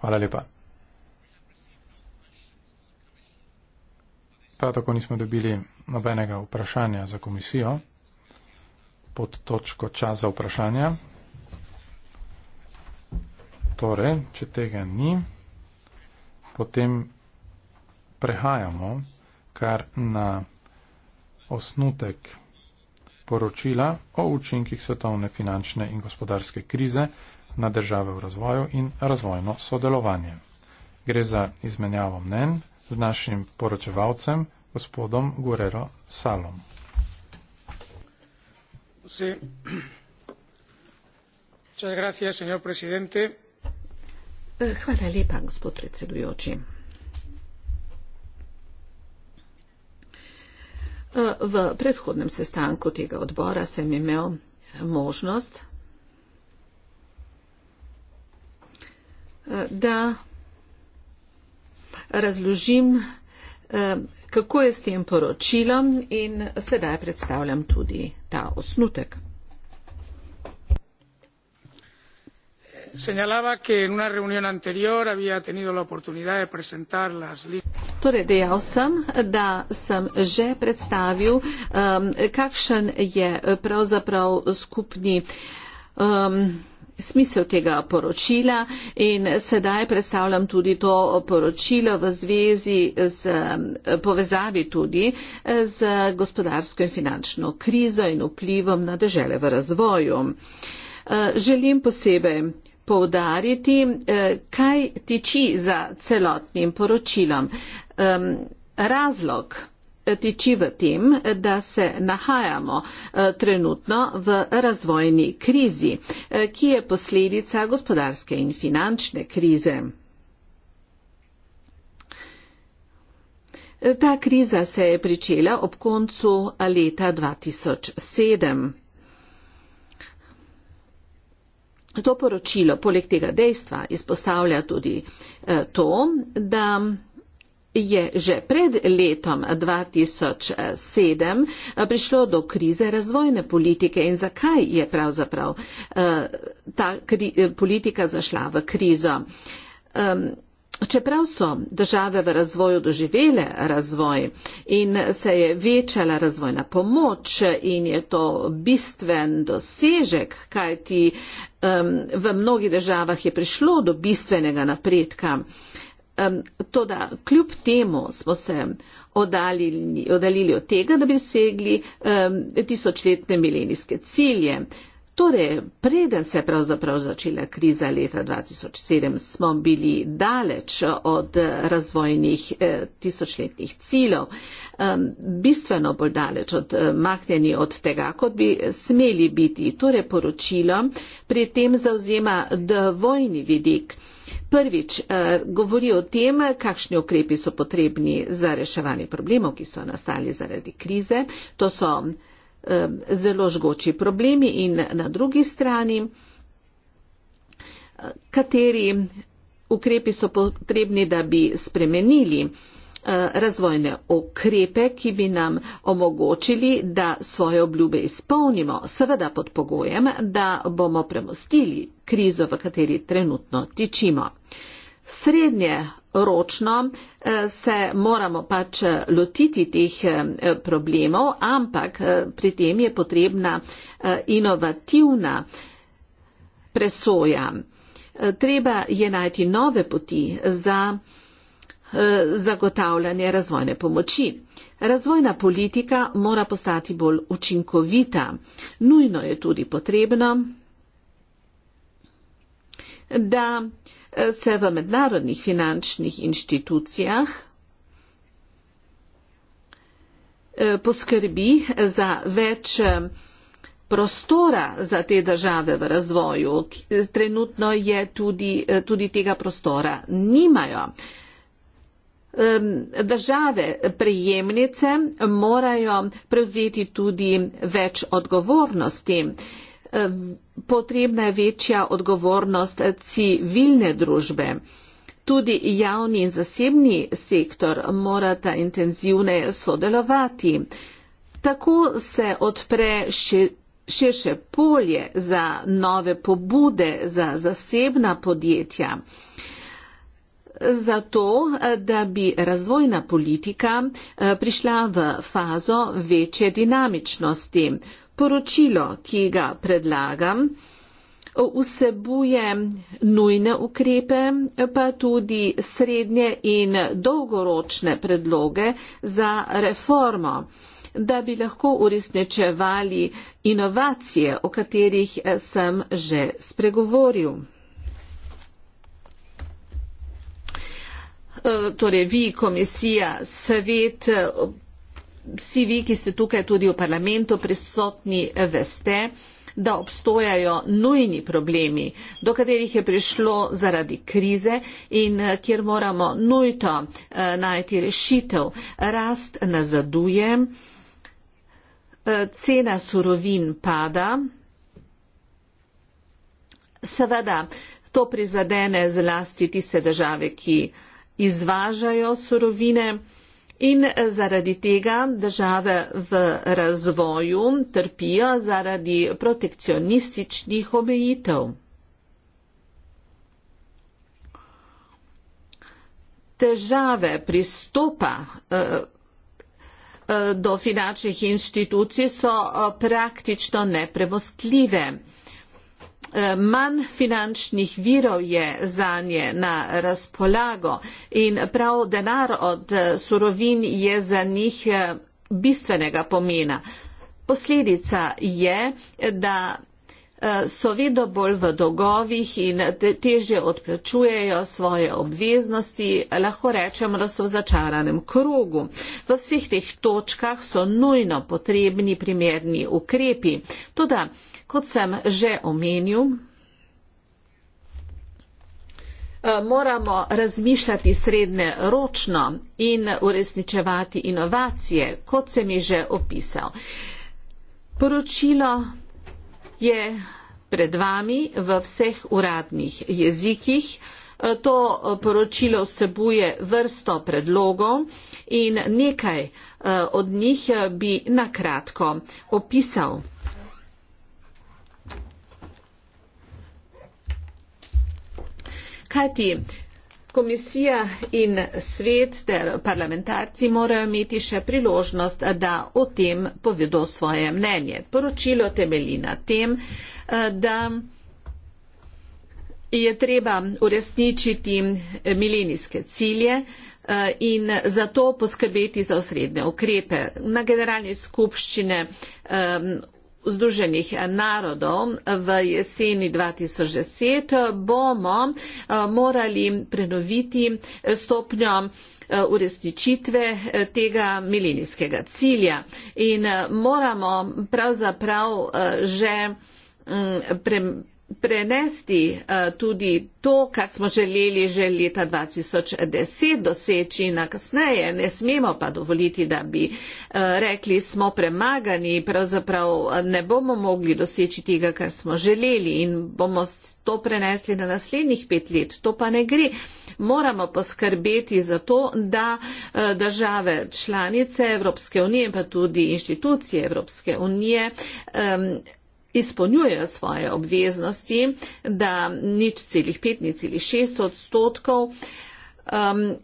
Hvala lepa. Prav tako nismo dobili nobenega vprašanja za komisijo pod točko čas za vprašanja. Torej, če tega ni, potem prehajamo kar na osnutek poročila o učinkih svetovne finančne in gospodarske krize na države v razvoju in razvojno sodelovanje. Gre za izmenjavo mnen z našim poročevalcem, gospodom Gurero Salom. Sí. Muchas gracias, señor presidente. Eh, hvala lepa, gospod predsedujoči. Eh, v predhodnem sestanku tega odbora sem imel možnost da razložim, eh, kako je s tem poročilom in sedaj predstavljam tudi ta osnutek. Señalaba que en una reunión anterior había tenido la oportunidad de presentar las líneas. Torej, dejal sem, da sem že predstavil, um, kakšen je pravzaprav skupni um, smisel tega poročila in sedaj predstavljam tudi to poročilo v zvezi z eh, povezavi tudi eh, z gospodarsko in finančno krizo in vplivom na države v razvoju. Eh, želim posebej povdariti, kaj tiči za celotnim poročilom. Razlog tiči v tem, da se nahajamo eh, trenutno v razvojni krizi, eh, ki je posledica gospodarske in finančne krize. Eh, ta kriza se je pričela ob koncu leta 2007. To poročilo poleg tega dejstva izpostavlja tudi to, da je že pred letom 2007 eh, prišlo do krize razvojne politike in zakaj je pravzaprav eh, ta eh, politika zašla v krizo. Ehm, čeprav so države v razvoju doživele razvoj in se je večala razvojna pomoč in je to bistven dosežek, kajti um, v mnogih državah je prišlo do bistvenega napredka, uh, Um, toda kljub temu smo se oddalili, oddalili od tega, da bi dosegli um, tisočletne milenijske cilje. Torej, preden se je pravzaprav začela kriza leta 2007, smo bili daleč od razvojnih eh, tisočletnih ciljev, um, bistveno bolj daleč od eh, makljeni od tega, kot bi smeli biti. Torej, poročilo pri tem zauzema dvojni vidik. Prvič eh, govori o tem, kakšni ukrepi so potrebni za reševanje problemov, ki so nastali zaradi krize. To so eh, zelo žgoči problemi in na drugi strani, eh, kateri ukrepi so potrebni, da bi spremenili Eh, razvojne okrepe, ki bi nam omogočili, da svoje obljube izpolnimo, seveda pod pogojem, da bomo premostili krizo, v kateri trenutno tičimo. Srednje ročno eh, se moramo pač lotiti teh eh, problemov, ampak pri tem je potrebna inovativna presoja. Treba je najti nove poti za Eh, zagotavljanje razvojne pomoči. Razvojna politika mora postati bolj učinkovita. Nujno je tudi potrebno, da eh, se v mednarodnih finančnih inštitucijah eh, poskrbi za več prostora za te države v razvoju. Trenutno je tudi, tudi tega prostora nimajo države prejemnice morajo prevzeti tudi več odgovornosti. Potrebna je večja odgovornost civilne družbe. Tudi javni in zasebni sektor morata intenzivneje sodelovati. Tako se odpre širše polje za nove pobude za zasebna podjetja zato, da bi razvojna politika eh, prišla v fazo večje dinamičnosti. Poročilo, ki ga predlagam, vsebuje nujne ukrepe, pa tudi srednje in dolgoročne predloge za reformo, da bi lahko uresničevali inovacije, o katerih eh, sem že spregovoril. Eh, torej vi, komisija, svet, eh, vsi vi, ki ste tukaj tudi v parlamentu prisotni, eh, veste, da obstojajo nujni problemi, do katerih je prišlo zaradi krize in kjer moramo nujto najti rešitev. Rast nazaduje, cena surovin pada, seveda to prizadene zlasti tiste države, ki izvažajo surovine in eh, zaradi tega države v razvoju trpijo zaradi protekcionističnih omejitev. Težave pristopa eh, eh, do finančnih inštitucij so praktično nepremostljive. Eh, manj finančnih virov je za nje na razpolago in prav denar od eh, surovin je za njih eh, bistvenega pomena. Posledica je, da Eh, so vedno bolj v dolgovih in teže odplačujejo svoje obveznosti, lahko rečemo, da so v začaranem krogu. V vseh teh točkah so nujno potrebni primerni ukrepi. Tudi, kot sem že omenil, eh, Moramo razmišljati srednje ročno in uresničevati inovacije, kot sem jih že opisal. Poročilo je pred vami v vseh uradnih jezikih. E, to e, poročilo vsebuje vrsto predlogov in nekaj e, od njih bi nakratko opisal. Kajti, Komisija in svet ter parlamentarci morajo imeti še priložnost, da o tem povedo svoje mnenje. Poročilo temelji na tem, eh, da je treba uresničiti milenijske cilje eh, in zato poskrbeti za osrednje ukrepe. Na generalni skupščine eh, Združenih narodov v jeseni 2010 bomo eh, morali prenoviti eh, stopnjo eh, uresničitve tega milenijskega cilja in moramo pravzaprav že mm, prenesti uh, tudi to, kar smo želeli že leta 2010 doseči na kasneje. Ne smemo pa dovoliti, da bi uh, rekli, smo premagani, pravzaprav eh, ne bomo mogli doseči tega, kar smo želeli in bomo to prenesli na naslednjih pet let. To pa ne gre. Moramo poskrbeti za to, da uh, države članice Evropske unije, pa tudi inštitucije Evropske unije, um, izpolnjujejo svoje obveznosti, da nič celih pet, nič celih šest odstotkov um,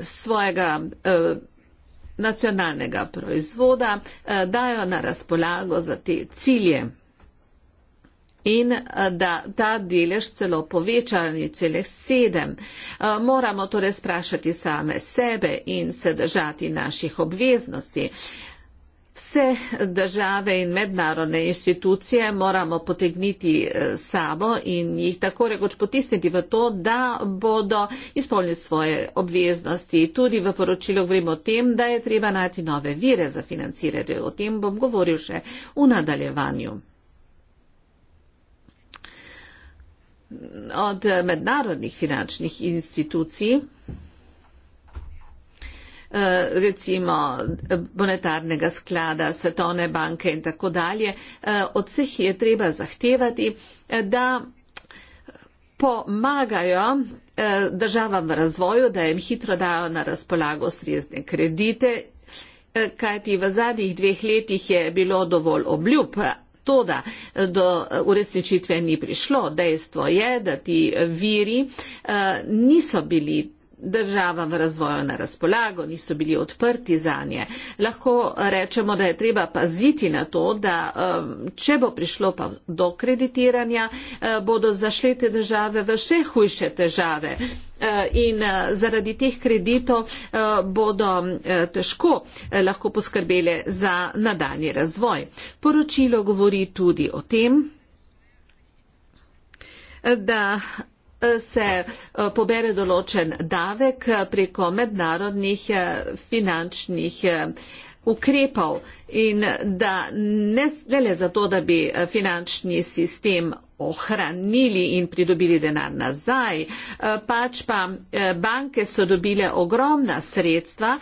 svojega uh, nacionalnega proizvoda uh, dajo na razpolago za te cilje in uh, da ta delež celo povečani celih sedem. Uh, moramo torej sprašati same sebe in se držati naših obveznosti. Vse države in mednarodne institucije moramo potegniti eh, sabo in jih tako rekoč potisniti v to, da bodo izpolnili svoje obveznosti. Tudi v poročilu govorimo o tem, da je treba najti nove vire za financiranje. O tem bom govoril še v nadaljevanju. Od mednarodnih finančnih institucij Eh, recimo monetarnega sklada, svetovne banke in tako dalje. Eh, od vseh je treba zahtevati, eh, da pomagajo državam v razvoju, da jim hitro dajo na razpolago strezne kredite, kajti v zadnjih dveh letih je bilo dovolj obljub. To, da do uresničitve ni prišlo, dejstvo je, da ti viri uh, niso bili država v razvoju na razpolago, niso bili odprti za nje. Lahko rečemo, da je treba paziti na to, da um, če bo prišlo pa do kreditiranja, uh, bodo zašlete države v še hujše težave. Uh, in uh, zaradi teh kreditov bodo težko lahko poskrbele za nadaljni razvoj. Poročilo govori tudi o tem, da se eh, pobere določen davek eh, preko mednarodnih eh, finančnih ukrepov in da ne le zato, da bi finančni sistem ohranili in pridobili denar nazaj, eh, pač pa eh, banke so dobile ogromna sredstva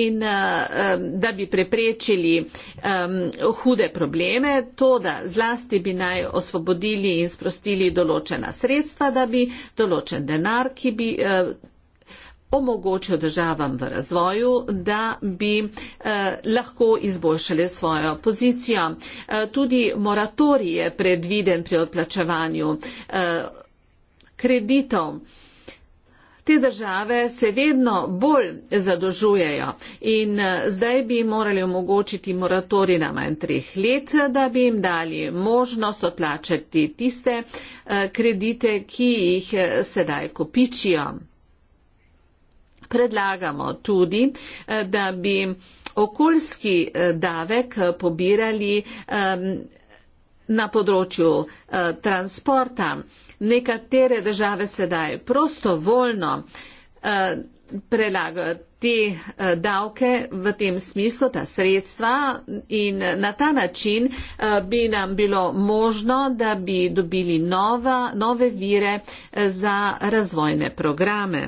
in eh, da bi preprečili hude probleme, to da zlasti bi naj osvobodili in sprostili določena sredstva, da bi določen denar, ki bi omogočil državam v razvoju, da bi eh, lahko izboljšali svojo pozicijo. Eh, tudi moratorij je predviden pri odplačevanju eh, kreditov. Te države se vedno bolj zadožujejo in zdaj bi morali omogočiti moratori na manj treh let, da bi jim dali možnost odplačati tiste kredite, ki jih sedaj kopičijo predlagamo tudi, eh, da bi okoljski eh, davek eh, pobirali na področju transporta. Nekatere države sedaj prostovoljno prelagajo te davke v tem smislu, ta sredstva in na ta način bi nam bilo možno, da bi dobili nova, nove vire za razvojne programe.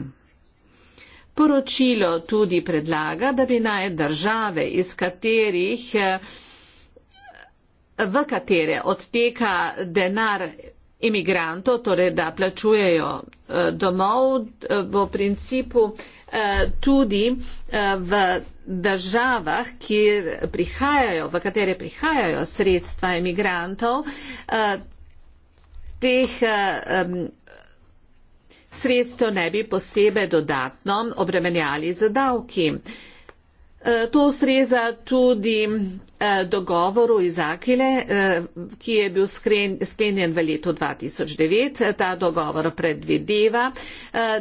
Poročilo tudi predlaga, da bi naj države, iz katerih, eh, v katere odteka denar imigrantov, torej da plačujejo eh, domov, eh, v principu tudi v državah, kjer prihajajo, v katere prihajajo sredstva imigrantov, teh sredstev ne bi posebej dodatno obremenjali z davki. E, to ustreza tudi e, dogovoru iz Akile, e, ki je bil sklenjen v letu 2009. Ta dogovor predvideva,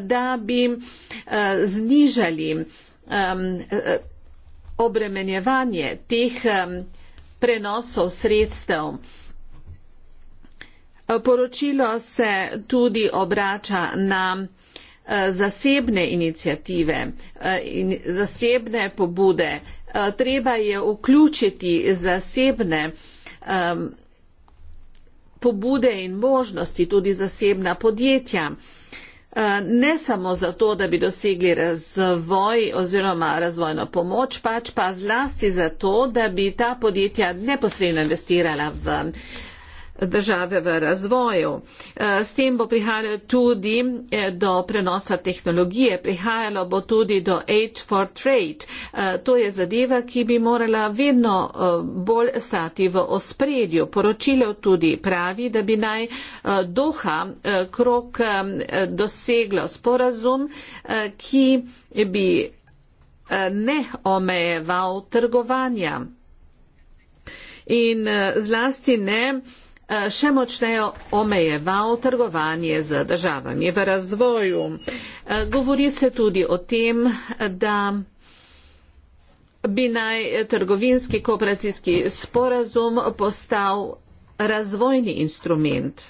da bi znižali obremenjevanje teh prenosov sredstev Poročilo se tudi obrača na eh, zasebne inicijative eh, in zasebne pobude. Eh, treba je vključiti zasebne pobude in možnosti, tudi zasebna podjetja. Ne samo zato, da bi dosegli razvoj oziroma razvojno pomoč, pač pa zlasti zato, da bi ta podjetja neposredno investirala v države v razvoju. Eh, s tem bo prihajalo tudi eh, do prenosa tehnologije, prihajalo bo tudi do age for trade. Eh, to je zadeva, ki bi morala vedno bolj stati v ospredju. Poročilo tudi pravi, da bi naj Doha krok doseglo sporazum, ki bi ne omejeval trgovanja. In zlasti ne uh, Eh, še močneje omejeval trgovanje z državami v razvoju. Eh, govori se tudi o tem, da bi naj trgovinski kooperacijski sporazum postal razvojni instrument.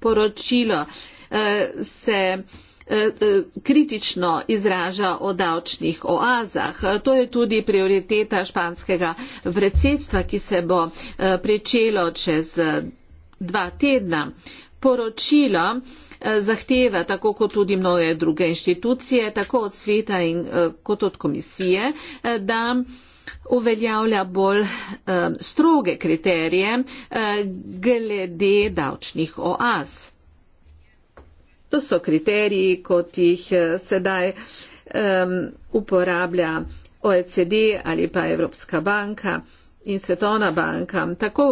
Poročilo eh, se Eh, eh, kritično izraža o davčnih oazah. To je tudi prioriteta španskega predsedstva, ki se bo eh, pričelo čez dva tedna. Poročilo zahteva, tako kot tudi mnoge druge inštitucije, tako od sveta in kot od komisije, da uveljavlja bolj stroge kriterije glede davčnih oaz. To so kriteriji, kot jih eh, sedaj um, uporablja OECD ali pa Evropska banka in Svetovna banka. Tako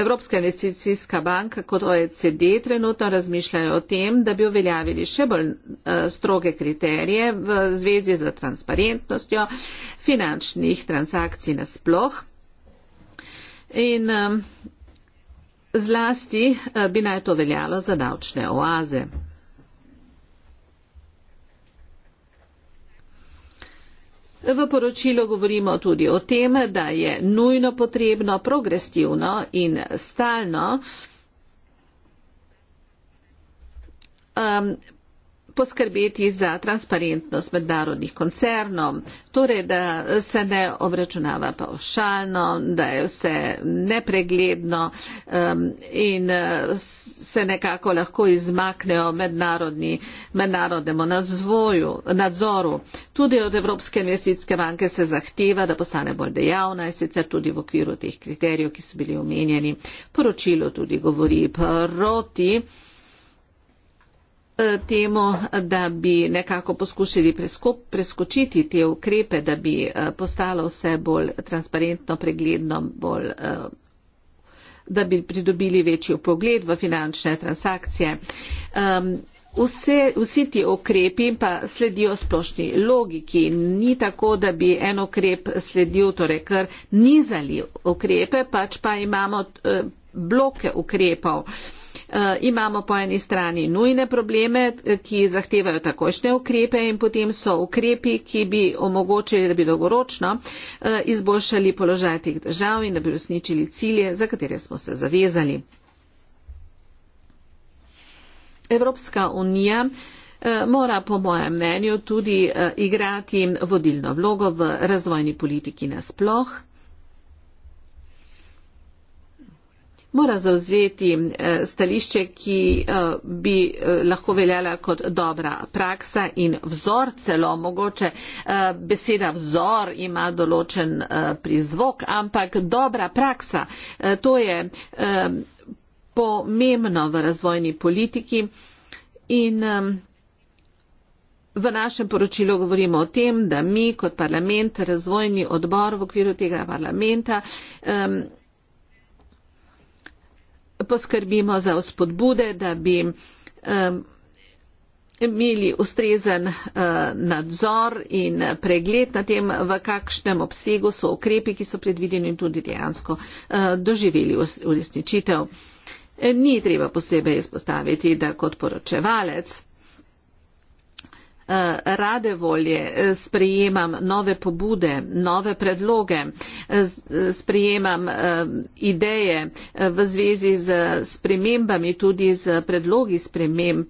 Evropska investicijska banka kot OECD trenutno razmišljajo o tem, da bi uveljavili še bolj eh, stroge kriterije v zvezi z transparentnostjo finančnih transakcij nasploh. In zlasti eh, bi naj to veljalo za davčne oaze. V poročilu govorimo tudi o tem, da je nujno potrebno progresivno in stalno um, poskrbeti za transparentnost mednarodnih koncernov, torej da se ne obračunava paošalno, da je vse nepregledno um, in uh, se nekako lahko izmaknejo mednarodnemu nadzvoju, nadzoru. Tudi od Evropske investicijske banke se zahteva, da postane bolj dejavna in sicer tudi v okviru teh kriterijev, ki so bili omenjeni. Poročilo tudi govori proti Eh, temu, da bi nekako poskušali preskočiti te ukrepe, da bi eh, postalo vse bolj transparentno, pregledno, bolj, eh, da bi pridobili večji pogled v finančne transakcije. Vse, vsi ti ukrepi pa sledijo splošni logiki. Ni tako, da bi en ukrep sledil, torej kar nizali ukrepe, pač pa imamo bloke ukrepov. Eh, imamo po eni strani nujne probleme, eh, ki zahtevajo takošne ukrepe in potem so ukrepi, ki bi omogočili, da bi dolgoročno eh, izboljšali položaj teh držav in da bi usničili cilje, za katere smo se zavezali. Evropska unija mora po mojem mnenju tudi igrati vodilno vlogo v razvojni politiki nasploh. mora zauzeti eh, stališče, ki eh, bi eh, lahko veljala kot dobra praksa in vzor celo. Mogoče beseda vzor ima določen prizvok, ampak dobra praksa. To je pomembno v razvojni politiki in v našem poročilu govorimo o tem, da mi kot parlament, razvojni odbor v okviru tega parlamenta poskrbimo za vzpodbude, da bi um, imeli ustrezen uh, nadzor in pregled na tem, v kakšnem obsegu so ukrepi, ki so predvideni in tudi dejansko uh, doživeli uresničitev. Ni treba posebej izpostaviti, da kot poročevalec Eh, rade volje eh, sprejemam nove pobude, nove predloge, eh, sprejemam ideje v zvezi z spremembami, tudi z predlogi sprememb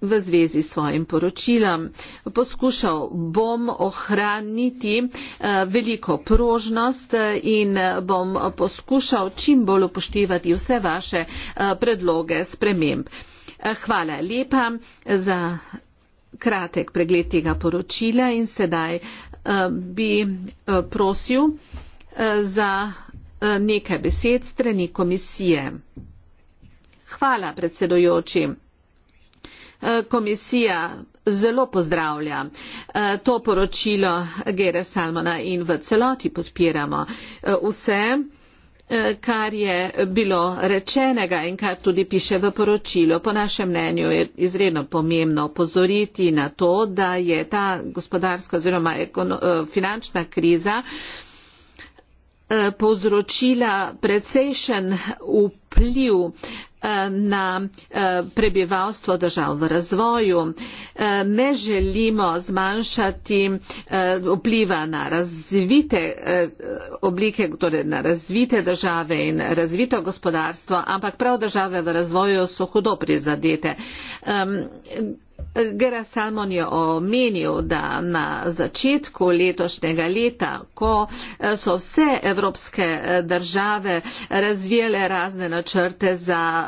v zvezi s svojim poročilom. Poskušal bom ohraniti veliko prožnost in bom poskušal čim bolj upoštevati vse vaše predloge sprememb. Hvala lepa za kratek pregled tega poročila in sedaj uh, bi uh, prosil uh, za uh, nekaj besed strani komisije. Hvala, predsedojoči. Komisija zelo pozdravlja to poročilo Gere Salmona in v celoti podpiramo vse Eh, kar je bilo rečenega in kar tudi piše v poročilu. Po našem mnenju je izredno pomembno opozoriti na to, da je ta gospodarska oziroma eh, finančna kriza eh, povzročila precejšen vpliv na eh, prebivalstvo držav v razvoju. Eh, ne želimo zmanjšati eh, vpliva na razvite oblike, torej na razvite države in razvito gospodarstvo, ampak prav države v razvoju so hudo prizadete. Gera Salmon je omenil, da na začetku letošnjega leta, ko eh, so vse evropske eh, države razvijale razne načrte za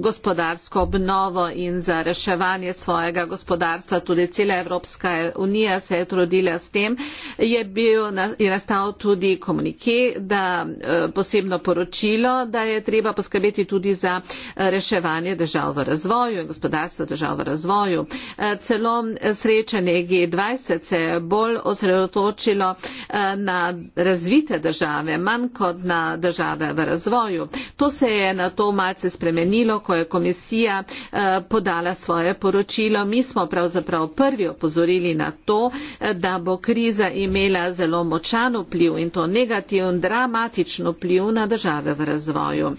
gospodarsko obnovo in za reševanje svojega gospodarstva, tudi cela Evropska unija se je trudila s tem, je, bil, je nastal tudi komunike, da eh, posebno poročilo, da je treba poskrbeti tudi za reševanje držav v razvoju in gospodarstva držav v razvoju obdobju. E, celo srečanje G20 se je bolj osredotočilo e, na razvite države, manj kot na države v razvoju. To se je na to malce spremenilo, ko je komisija e, podala svoje poročilo. Mi smo pravzaprav prvi opozorili na to, da bo kriza imela zelo močan vpliv in to negativen, dramatičen vpliv na države v razvoju.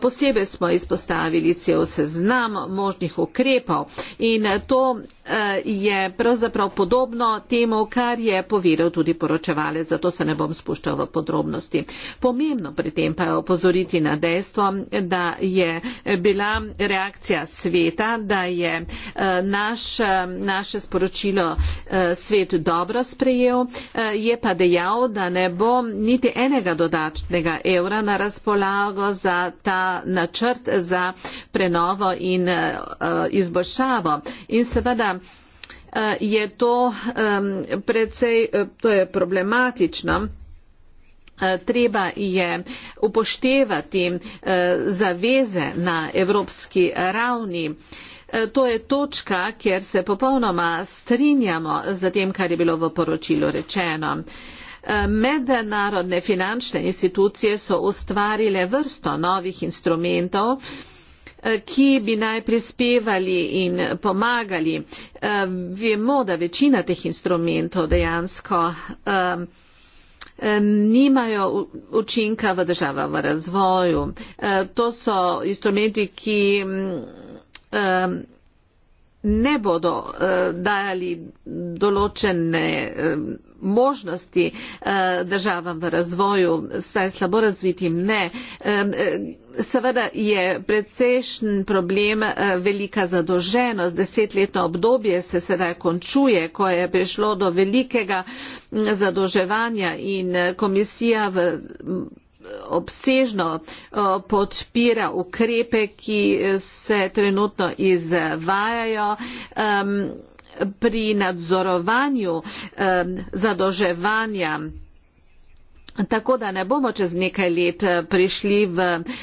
Posebej smo izpostavili cel seznam možnih ukrepov in in eh, to Eh, je pravzaprav podobno temu, kar je povedal tudi poročevalec, zato se ne bom spuščal v podrobnosti. Pomembno pri tem pa je opozoriti na dejstvo, da je bila reakcija sveta, da je eh, naš, naše sporočilo eh, svet dobro sprejel, je pa dejal, da ne bo niti enega dodatnega evra na razpolago za ta načrt za prenovo in izboljšavo. In seveda, Eh, je to um, predvsej eh, to je problematično. Eh, treba je upoštevati zaveze na evropski ravni. To je točka, kjer se popolnoma strinjamo z tem, kar je bilo v poročilu rečeno. Mednarodne finančne institucije so ustvarile vrsto novih instrumentov, Eh, ki bi naj prispevali in pomagali. Eh, vemo, da večina teh instrumentov dejansko eh, nimajo učinka v država v razvoju. To so instrumenti, ki mm, ne bodo uh, dajali določene uh, možnosti uh, državam v razvoju, saj slabo razvitim ne. Uh, seveda je precejšen problem uh, velika zadolženost. Desetletno obdobje se sedaj končuje, ko je prišlo do velikega mm, zadolževanja in komisija v obsežno eh, podpira ukrepe, ki se trenutno izvajajo. Pri nadzorovanju um, zadolževanja. Tako da ne bomo čez nekaj let eh, prišli v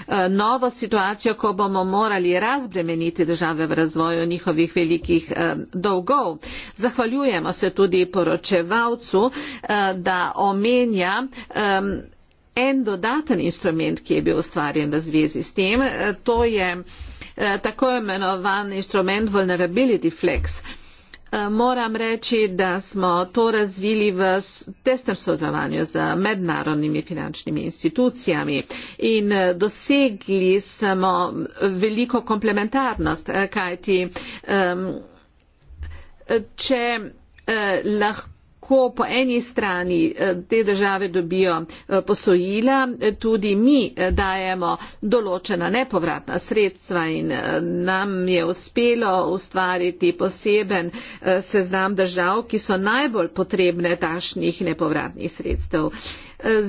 eh, novo situacijo, ko bomo morali razbremeniti države v razvoju njihovih velikih dolgov. Zahvaljujemo se tudi poročevalcu, da omenja en dodaten instrument, ki je bil ustvarjen v zvezi s tem, eh, to je eh, tako imenovan instrument Vulnerability Flex. Eh, moram reči, da smo to razvili v testnem sodelovanju z mednarodnimi finančnimi institucijami in dosegli smo veliko komplementarnost, kajti če lahko kako po eni strani eh, te države dobijo eh, posojila, eh, tudi mi dajemo določena nepovratna sredstva in nam je uspelo ustvariti poseben seznam držav, ki so najbolj potrebne tašnih nepovratnih sredstev.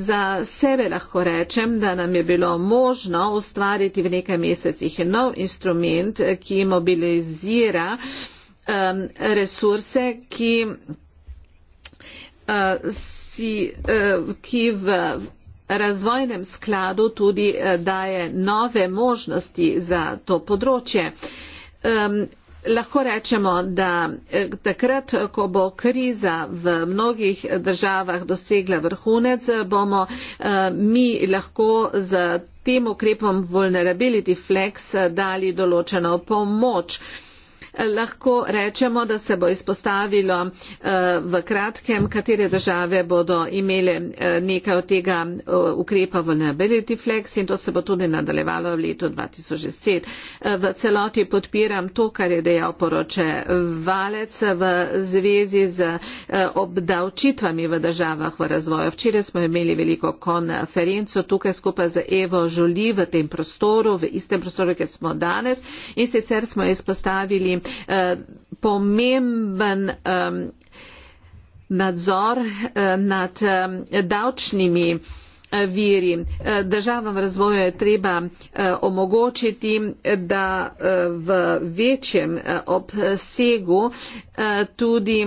Za sebe lahko rečem, da nam je bilo možno ustvariti v nekaj mesecih nov instrument, ki mobilizira um, resurse, ki Eh, si, eh, ki v razvojnem skladu tudi eh, daje nove možnosti za to področje. Lahko rečemo, da takrat, ko bo kriza v mnogih državah dosegla vrhunec, bomo mi lahko z tem ukrepom Vulnerability Flex dali določeno pomoč lahko rečemo, da se bo izpostavilo eh, v kratkem, katere države bodo imele eh, nekaj od tega eh, ukrepa vulnerability flex in to se bo tudi nadaljevalo v letu 2010. V celoti podpiram to, kar je dejal poroče Valec v zvezi z obdavčitvami v državah v razvoju. Včeraj smo imeli veliko konferenco tukaj skupaj z Evo Žoli v tem prostoru, v istem prostoru, kjer smo danes in sicer smo izpostavili uh, pomemben um, nadzor uh, nad um, davčnimi eh, viri. Državam razvoju je treba omogočiti, da v večjem obsegu tudi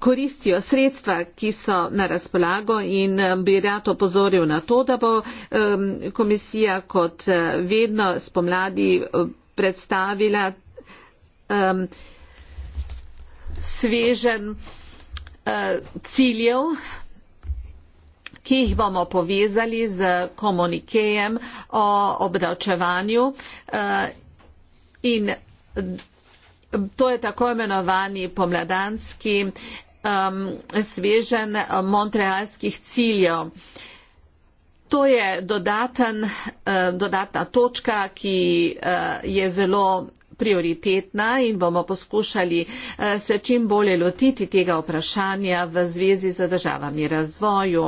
koristijo sredstva, ki so na razpolago in bi rad opozoril na to, da bo komisija kot vedno spomladi predstavila um, svežen uh, ciljev, ki jih bomo povezali z komunikejem o obdavčevanju uh, in to je tako imenovani pomladanski um, svežen montrealskih ciljev. Uh, To je dodaten, eh, dodatna točka, ki eh, je zelo prioritetna in bomo poskušali eh, se čim bolje lotiti tega vprašanja v zvezi z državami razvoju.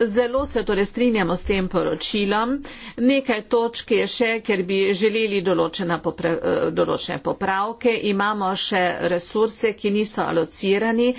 Zelo se torej strinjamo s tem poročilom. Nekaj točke je še, ker bi želeli popra določene popravke. Imamo še resurse, ki niso alocirani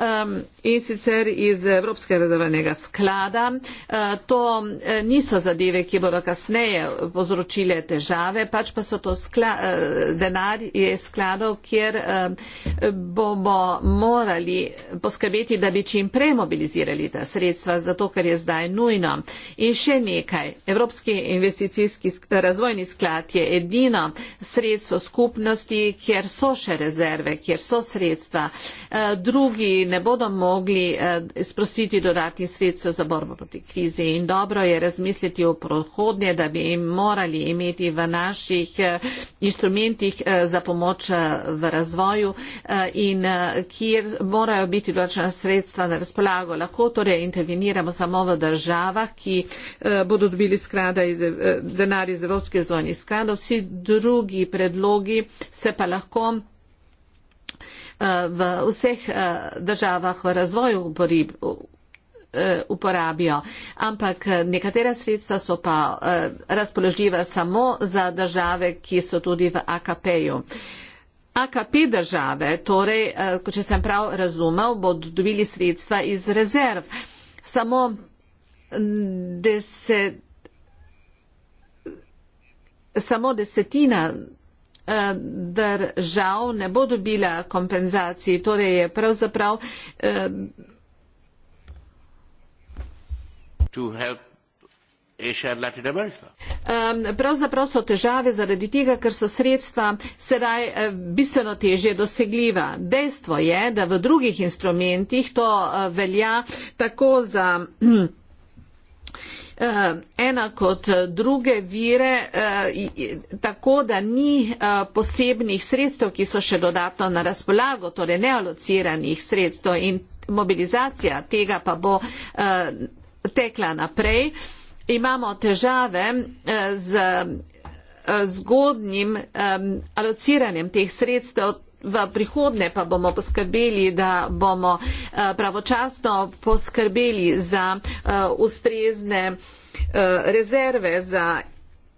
um, in sicer iz Evropske razvojnega sklada. Uh, to e, niso zadeve, ki bodo kasneje povzročile težave, pač pa so to skla, uh, denar iz skladov, kjer uh, bomo morali poskrbeti, da bi čim prej mobilizirali ta sredstva, zato ker je zdaj nujno. In še nekaj. Evropski investicijski razvojni sklad je edino sredstvo skupnosti, kjer so še rezerve, kjer so sredstva. Uh, drugi ne bodo mogli eh, sprostiti dodatnih sredstev za borbo proti krizi. In dobro je razmisliti o prohodnje, da bi morali imeti v naših eh, inštrumentih eh, za pomoč v razvoju in kjer morajo biti določena sredstva na razpolago. Lahko torej interveniramo samo v državah, ki bodo dobili iz, denar iz Evropske zvojnih skladov. Vsi drugi predlogi se pa lahko Eh, v vseh eh, državah v razvoju eh, uporabijo, ampak nekatera sredstva so pa razpoložljiva samo za države, ki so tudi v AKP-ju. AKP države, torej, če sem prav razumel, bodo dobili sredstva iz rezerv. Samo deset, samo desetina držav ne bo dobila kompenzacij. Torej je pravzaprav eh, eh, Pravzaprav so težave zaradi tega, ker so sredstva sedaj eh, bistveno težje dosegljiva. Dejstvo je, da v drugih instrumentih to eh, velja tako za. Hm, Eh, ena kot eh, druge vire, eh, tako da ni posebnih sredstev, ki so še dodatno na razpolago, torej nealociranih sredstev in mobilizacija tega pa bo tekla naprej. Imamo težave z zgodnim alociranjem teh sredstev v prihodne pa bomo poskrbeli, da bomo eh, pravočasno poskrbeli za eh, ustrezne eh, rezerve za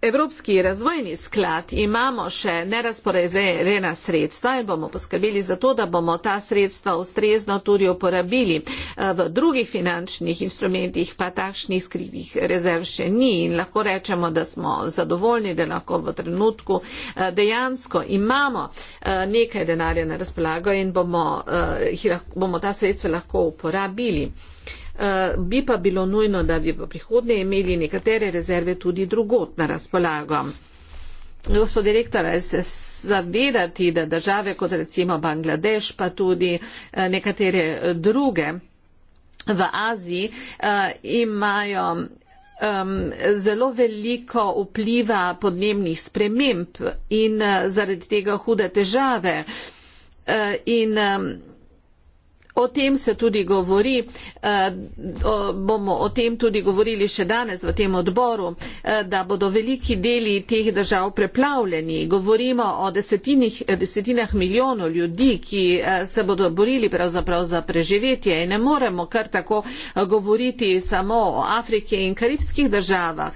Evropski razvojni sklad imamo še nerazporezena sredstva in bomo poskrbeli za to, da bomo ta sredstva ustrezno tudi uporabili. Eh, v drugih finančnih instrumentih pa takšnih skritih rezerv še ni in lahko rečemo, da smo zadovoljni, da lahko v trenutku eh, dejansko imamo eh, nekaj denarja na razpolago in bomo, bomo ta sredstva lahko uporabili. Eh, bi pa bilo nujno, da bi v prihodnje imeli nekatere rezerve tudi drugot na razpolago. Gospod direktor, je se zavedati, da države kot recimo Bangladeš, pa tudi eh, nekatere eh, druge v Aziji imajo zelo veliko vpliva podnebnih sprememb in zaradi tega hude težave. In O tem se tudi govori, eh, bomo o tem tudi govorili še danes v tem odboru, eh, da bodo veliki deli teh držav preplavljeni. Govorimo o desetinih, desetinah milijonov ljudi, ki eh, se bodo borili pravzaprav za preživetje in ne moremo kar tako govoriti samo o Afriki in karibskih državah.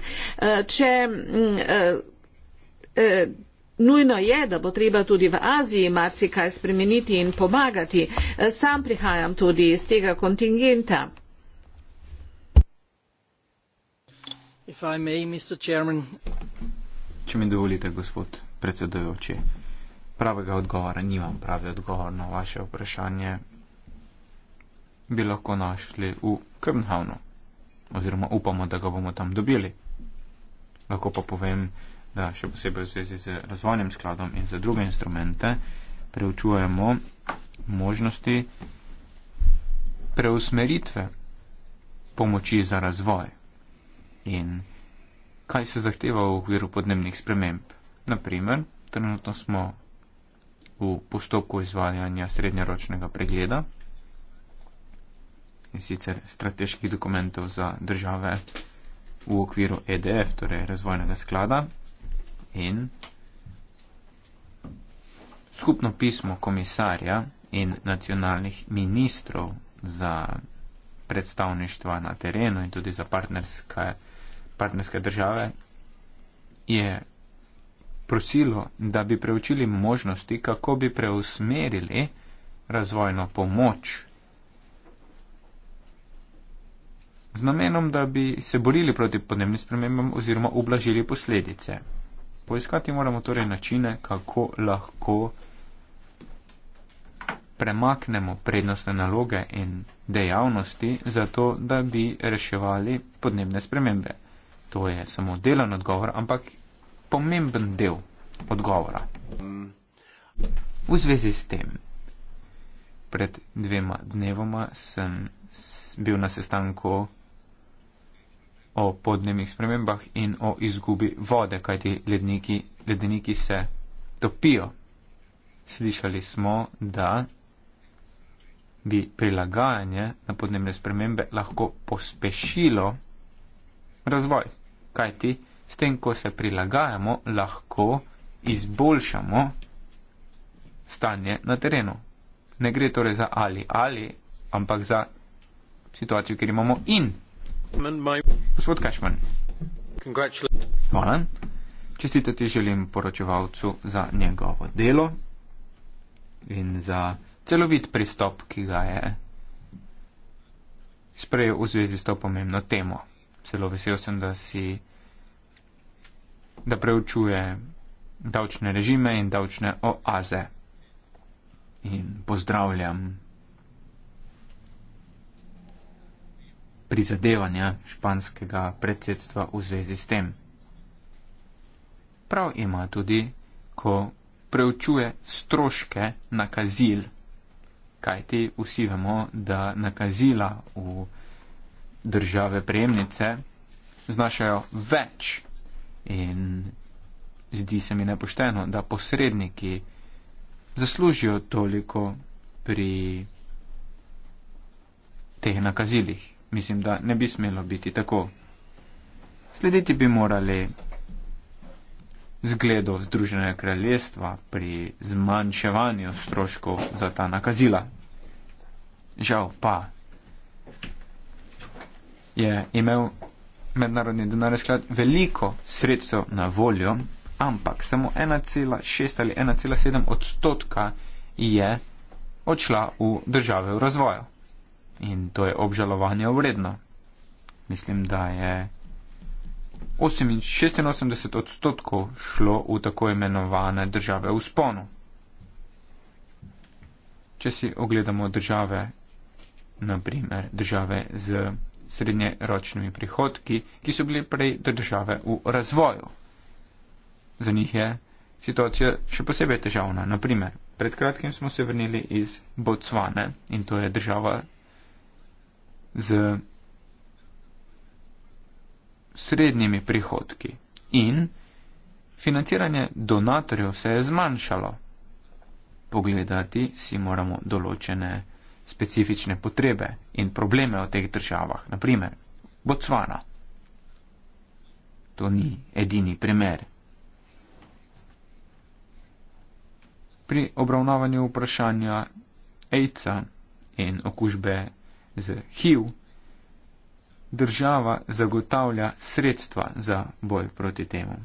Če, mm, Nujno je, da bo treba tudi v Aziji marsikaj spremeniti in pomagati. Sam prihajam tudi iz tega kontingenta. May, Chairman... Če mi dovolite, gospod predsedujoči, pravega odgovora nimam, pravi odgovor na vaše vprašanje bi lahko našli v Krmhavnu. Oziroma upamo, da ga bomo tam dobili. Lahko pa povem, da še posebej v zvezi z razvojnim skladom in za druge instrumente preučujemo možnosti preusmeritve pomoči za razvoj in kaj se zahteva v okviru podnebnih sprememb. Naprimer, trenutno smo v postopku izvajanja srednjeročnega pregleda in sicer strateških dokumentov za države v okviru EDF, torej razvojnega sklada, in skupno pismo komisarja in nacionalnih ministrov za predstavništva na terenu in tudi za partnerske, partnerske države je prosilo, da bi preučili možnosti, kako bi preusmerili razvojno pomoč z namenom, da bi se borili proti podnebnim spremembam oziroma ublažili posledice. Poiskati moramo torej načine, kako lahko premaknemo prednostne naloge in dejavnosti za to, da bi reševali podnebne spremembe. To je samo delen odgovor, ampak pomemben del odgovora. V zvezi s tem, pred dvema dnevoma sem bil na sestanku o podnebnih spremembah in o izgubi vode, kajti ledniki, ledeniki se topijo. Slišali smo, da bi prilagajanje na podnebne spremembe lahko pospešilo razvoj, kajti s tem, ko se prilagajamo, lahko izboljšamo stanje na terenu. Ne gre torej za ali ali, ampak za situacijo, kjer imamo in. Gospod Kašman. Hvala. Čestite ti želim poročevalcu za njegovo delo in za celovit pristop, ki ga je sprejel v zvezi s to pomembno temo. Zelo vesel sem, da si, da preučuje davčne režime in davčne oaze. In pozdravljam prizadevanja španskega predsedstva v zvezi s tem. Prav ima tudi, ko preučuje stroške nakazil, kajti vsi vemo, da nakazila v države prejemnice znašajo več in zdi se mi nepošteno, da posredniki zaslužijo toliko pri teh nakazilih mislim, da ne bi smelo biti tako. Slediti bi morali zgledu Združenega kraljestva pri zmanjševanju stroškov za ta nakazila. Žal pa je imel mednarodni denarni sklad veliko sredstev na voljo, ampak samo 1,6 ali 1,7 odstotka je odšla v države v razvoju. In to je obžalovanje vredno. Mislim, da je 86 odstotkov šlo v tako imenovane države v sponu. Če si ogledamo države, naprimer države z srednjeročnimi prihodki, ki so bili prej države v razvoju. Za njih je situacija še posebej težavna. Naprimer, pred kratkim smo se vrnili iz Botsvane in to je država z srednjimi prihodki in financiranje donatorjev se je zmanjšalo. Pogledati si moramo določene specifične potrebe in probleme v teh državah. Naprimer, Botswana. To ni edini primer. Pri obravnavanju vprašanja AIDS-a in okužbe z HIV, država zagotavlja sredstva za boj proti temu.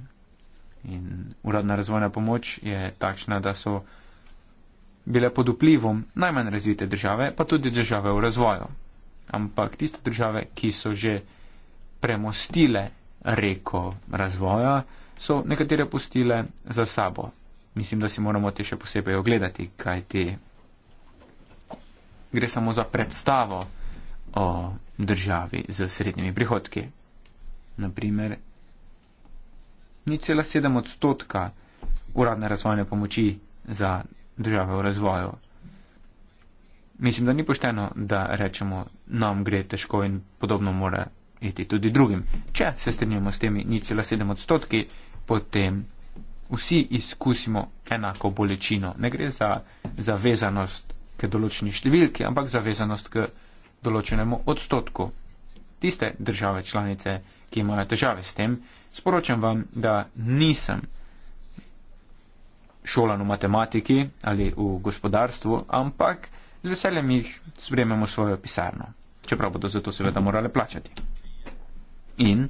In uradna razvojna pomoč je takšna, da so bile pod vplivom najmanj razvite države, pa tudi države v razvoju. Ampak tiste države, ki so že premostile reko razvoja, so nekatere pustile za sabo. Mislim, da si moramo te še posebej ogledati, kaj ti gre samo za predstavo o državi z srednjimi prihodki. Naprimer, ni cela sedem odstotka uradne razvojne pomoči za države v razvoju. Mislim, da ni pošteno, da rečemo, nam gre težko in podobno mora iti tudi drugim. Če se strinjamo s temi ni cela sedem odstotki, potem vsi izkusimo enako bolečino. Ne gre za zavezanost k določeni številki, ampak zavezanost k določenemu odstotku. Tiste države članice, ki imajo težave s tem, sporočam vam, da nisem šolan v matematiki ali v gospodarstvu, ampak z veseljem jih sprejmem v svojo pisarno, čeprav bodo za to seveda morale plačati. In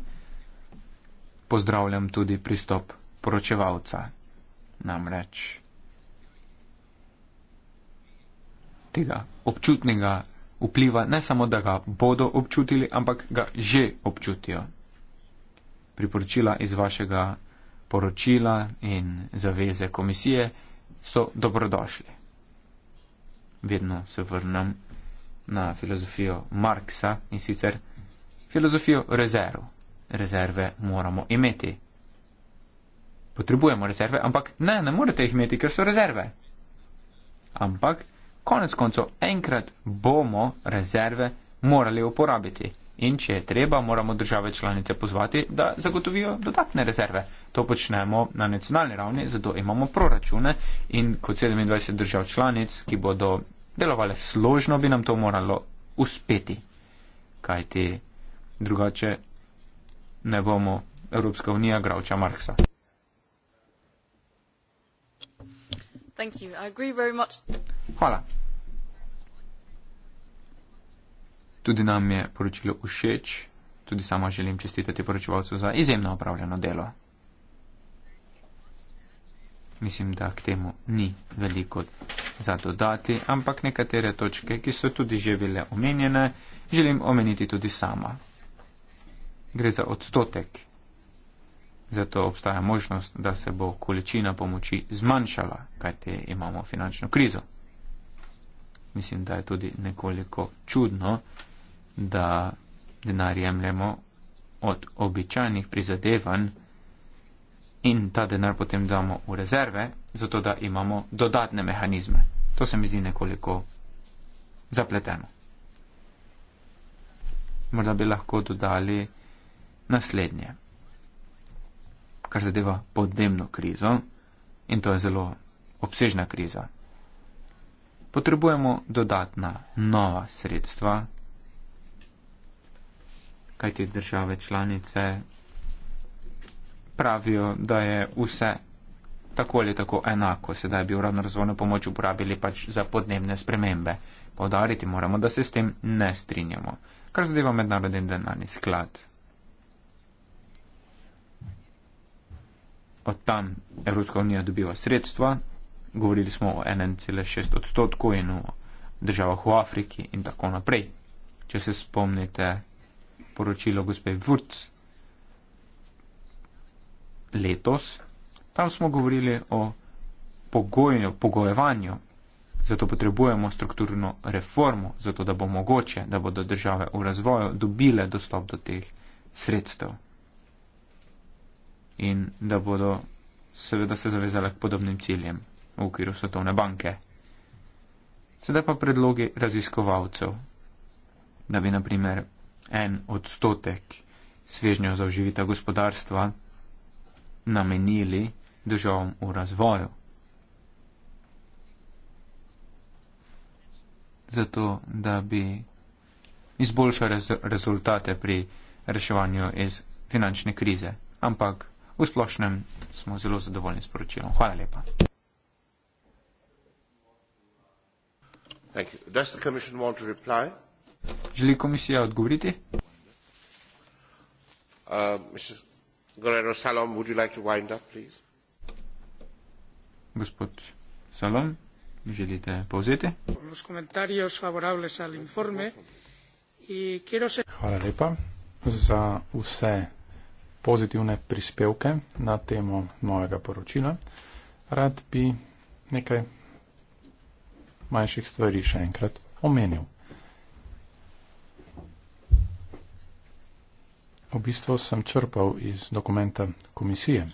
pozdravljam tudi pristop poročevalca, namreč tega občutnega vpliva ne samo, da ga bodo občutili, ampak ga že občutijo. Priporočila iz vašega poročila in zaveze komisije so dobrodošli. Vedno se vrnem na filozofijo Marksa in sicer filozofijo rezerv. Rezerve moramo imeti. Potrebujemo rezerve, ampak ne, ne morete jih imeti, ker so rezerve. Ampak Konec koncev, enkrat bomo rezerve morali uporabiti in če je treba, moramo države članice pozvati, da zagotovijo dodatne rezerve. To počnemo na nacionalni ravni, zato imamo proračune in kot 27 držav članic, ki bodo delovale složno, bi nam to moralo uspeti. Kajti drugače ne bomo Evropska unija gravča Marksa. Thank you. I agree very much. Hvala. Tudi nam je poročilo všeč, tudi sama želim čestitati poročevalcu za izjemno opravljeno delo. Mislim, da k temu ni veliko za dodati, ampak nekatere točke, ki so tudi že bile omenjene, želim omeniti tudi sama. Gre za odstotek Zato obstaja možnost, da se bo količina pomoči zmanjšala, kajte imamo finančno krizo. Mislim, da je tudi nekoliko čudno, da denar jemljemo od običajnih prizadevanj in ta denar potem damo v rezerve, zato da imamo dodatne mehanizme. To se mi zdi nekoliko zapleteno. Morda bi lahko dodali naslednje kar zadeva podnebno krizo in to je zelo obsežna kriza. Potrebujemo dodatna nova sredstva, kajti države članice pravijo, da je vse tako ali tako enako, sedaj bi uradno razvojno pomoč uporabili pač za podnebne spremembe. Povdariti moramo, da se s tem ne strinjamo. Kar zadeva mednarodni denarni sklad, od tam Evropska unija dobiva sredstva, govorili smo o 1,6 odstotku in o državah v Afriki in tako naprej. Če se spomnite poročilo gospe Vurc letos, tam smo govorili o pogojenju, pogojevanju. Zato potrebujemo strukturno reformo, zato da bo mogoče, da bodo države v razvoju dobile dostop do teh sredstev in da bodo seveda se zavezale k podobnim ciljem v okviru Svetovne banke. Sedaj pa predlogi raziskovalcev, da bi naprimer en odstotek svežnjo za oživita gospodarstva namenili državam v razvoju. Zato, da bi izboljšali rezultate pri reševanju iz finančne krize. Ampak V splošnem smo zelo zadovoljni s poročilom. Hvala lepa. Želi komisija odgovoriti? Uh, Gospod Salom, želite povzeti? Hvala lepa za vse pozitivne prispevke na temo mojega poročila. Rad bi nekaj manjših stvari še enkrat omenil. V bistvu sem črpal iz dokumenta komisije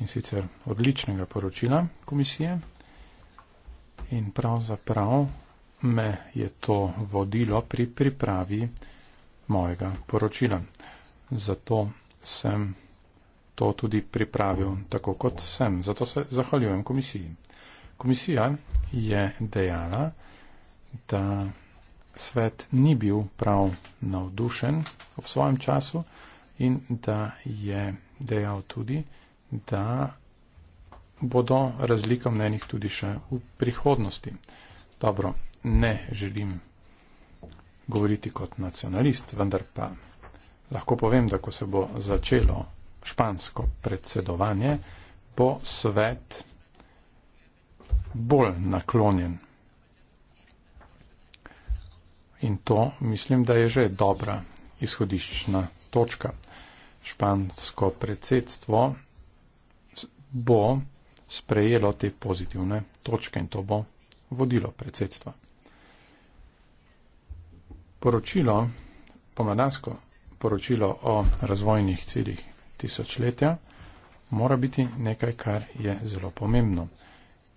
in sicer odličnega poročila komisije in pravzaprav me je to vodilo pri pripravi mojega poročila zato sem to tudi pripravil tako, kot sem. Zato se zahvaljujem komisiji. Komisija je dejala, da svet ni bil prav navdušen ob svojem času in da je dejal tudi, da bodo razlika mnenih tudi še v prihodnosti. Dobro, ne želim govoriti kot nacionalist, vendar pa Lahko povem, da ko se bo začelo špansko predsedovanje, bo svet bolj naklonjen. In to mislim, da je že dobra izhodiščna točka. Špansko predsedstvo bo sprejelo te pozitivne točke in to bo vodilo predsedstva. Poročilo pomladansko poročilo o razvojnih ciljih tisočletja, mora biti nekaj, kar je zelo pomembno.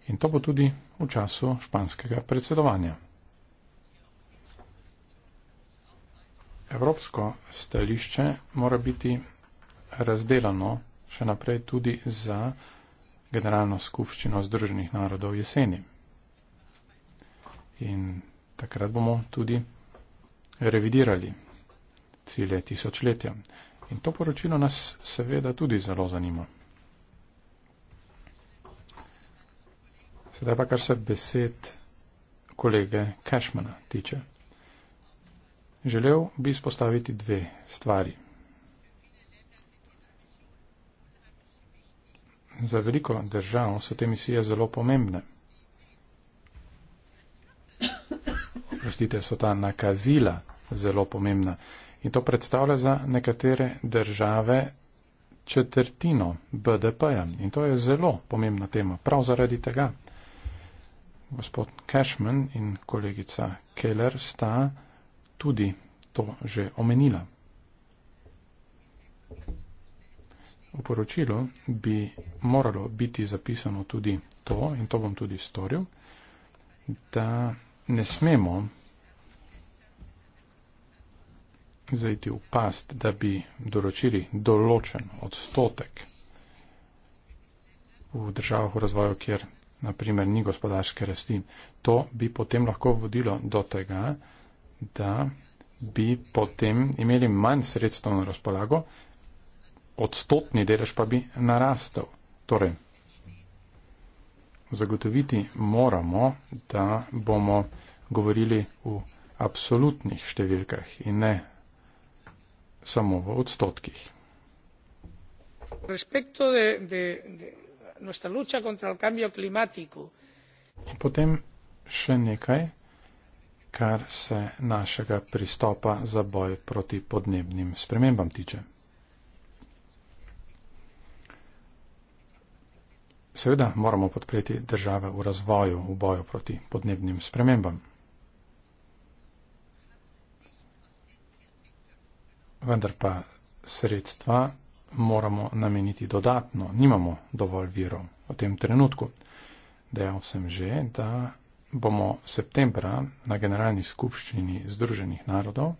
In to bo tudi v času španskega predsedovanja. Evropsko stališče mora biti razdelano še naprej tudi za Generalno skupščino Združenih narodov jeseni. In takrat bomo tudi revidirali cele tisočletja. In to poročilo nas seveda tudi zelo zanima. Sedaj pa kar se besed kolege Cashmana tiče. Želel bi spostaviti dve stvari. Za veliko držav so te misije zelo pomembne. Prostite, so ta nakazila zelo pomembna. In to predstavlja za nekatere države četrtino BDP-ja. In to je zelo pomembna tema. Prav zaradi tega gospod Cashman in kolegica Keller sta tudi to že omenila. V poročilu bi moralo biti zapisano tudi to, in to bom tudi storil, da ne smemo zajeti v past, da bi določili določen odstotek v državah v razvoju, kjer naprimer ni gospodarske rasti. To bi potem lahko vodilo do tega, da bi potem imeli manj sredstev na razpolago, odstotni delež pa bi narastel. Torej, zagotoviti moramo, da bomo govorili v absolutnih številkah in ne samo v odstotkih. In potem še nekaj, kar se našega pristopa za boj proti podnebnim spremembam tiče. Seveda moramo podpreti države v razvoju v boju proti podnebnim spremembam. vendar pa sredstva moramo nameniti dodatno, nimamo dovolj virov v tem trenutku. Dejal sem že, da bomo septembra na Generalni skupščini Združenih narodov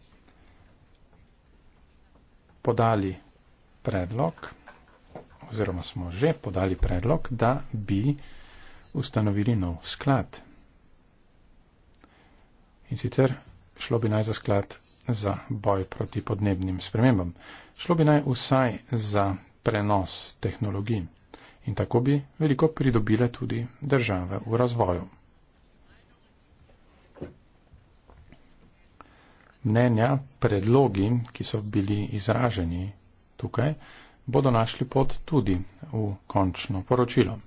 podali predlog, oziroma smo že podali predlog, da bi ustanovili nov sklad. In sicer šlo bi naj za sklad za boj proti podnebnim spremembam. Šlo bi naj vsaj za prenos tehnologij in tako bi veliko pridobile tudi države v razvoju. Mnenja, predlogi, ki so bili izraženi tukaj, bodo našli pot tudi v končno poročilo.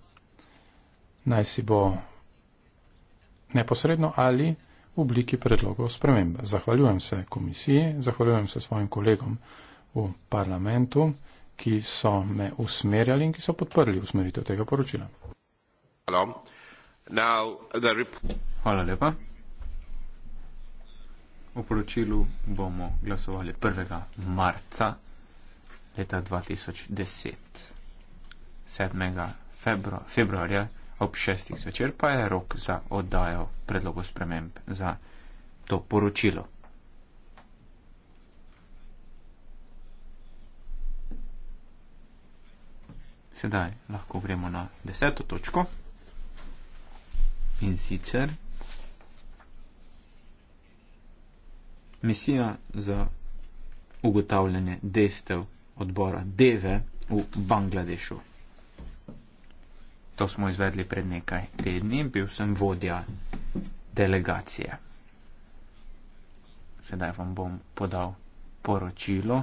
Naj si bo neposredno ali v obliki predlogov spremembe. Zahvaljujem se komisiji, zahvaljujem se svojim kolegom v parlamentu, ki so me usmerjali in ki so podprli usmeritev tega poročila. Hvala lepa. V poročilu bomo glasovali 1. marca leta 2010. 7. Februar februarja. Ob šestih zvečer pa je rok za oddajo predlogov sprememb za to poročilo. Sedaj lahko gremo na deseto točko in sicer misija za ugotavljanje dejstev odbora DV v Bangladešu to smo izvedli pred nekaj tedni, bil sem vodja delegacije. Sedaj vam bom podal poročilo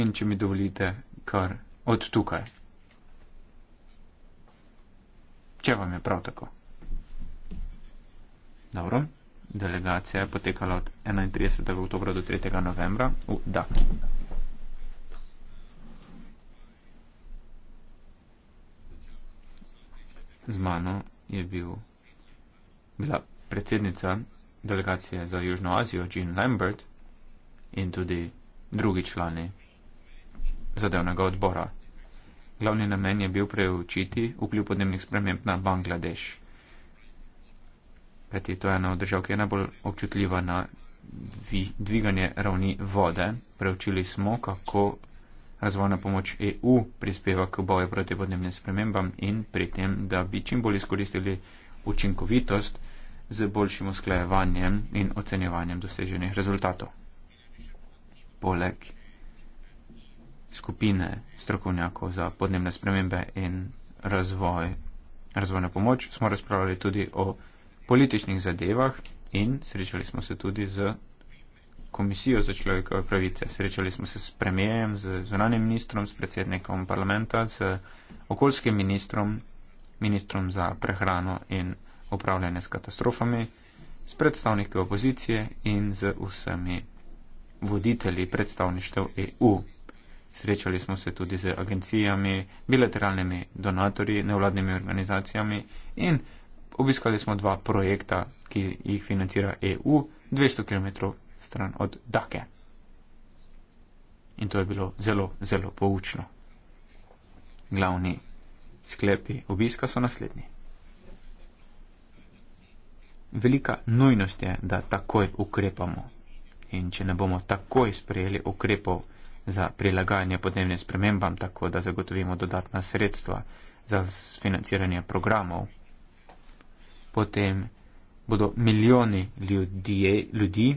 in če mi dovolite, kar od tukaj. Če vam je prav tako. Dobro, delegacija je potekala od 31. oktobra do 3. novembra v Daki. z mano je bil, bila predsednica delegacije za Južno Azijo, Jean Lambert, in tudi drugi člani zadevnega odbora. Glavni namen je bil preučiti vpliv podnebnih sprememb na Bangladeš. Kajti to je ena od držav, ki je najbolj občutljiva na dviganje ravni vode. Preučili smo, kako razvojna pomoč EU prispeva k boju proti podnebnim spremembam in pri tem, da bi čim bolj izkoristili učinkovitost z boljšim usklajevanjem in ocenjevanjem doseženih rezultatov. Poleg skupine strokovnjakov za podnebne spremembe in razvoj, razvojna pomoč smo razpravljali tudi o političnih zadevah in srečali smo se tudi z komisijo za človekove pravice. Srečali smo se s premijejem, z zunanjem ministrom, s predsednikom parlamenta, s okoljskim ministrom, ministrom za prehrano in upravljanje s katastrofami, s predstavniki opozicije in z vsemi voditelji predstavništev EU. Srečali smo se tudi z agencijami, bilateralnimi donatorji, nevladnimi organizacijami in obiskali smo dva projekta, ki jih financira EU, 200 km stran od Dake. In to je bilo zelo, zelo poučno. Glavni sklepi obiska so naslednji. Velika nujnost je, da takoj ukrepamo. In če ne bomo takoj sprejeli ukrepov za prilagajanje podnebnim spremembam, tako da zagotovimo dodatna sredstva za financiranje programov, potem bodo milijoni ljudje, ljudi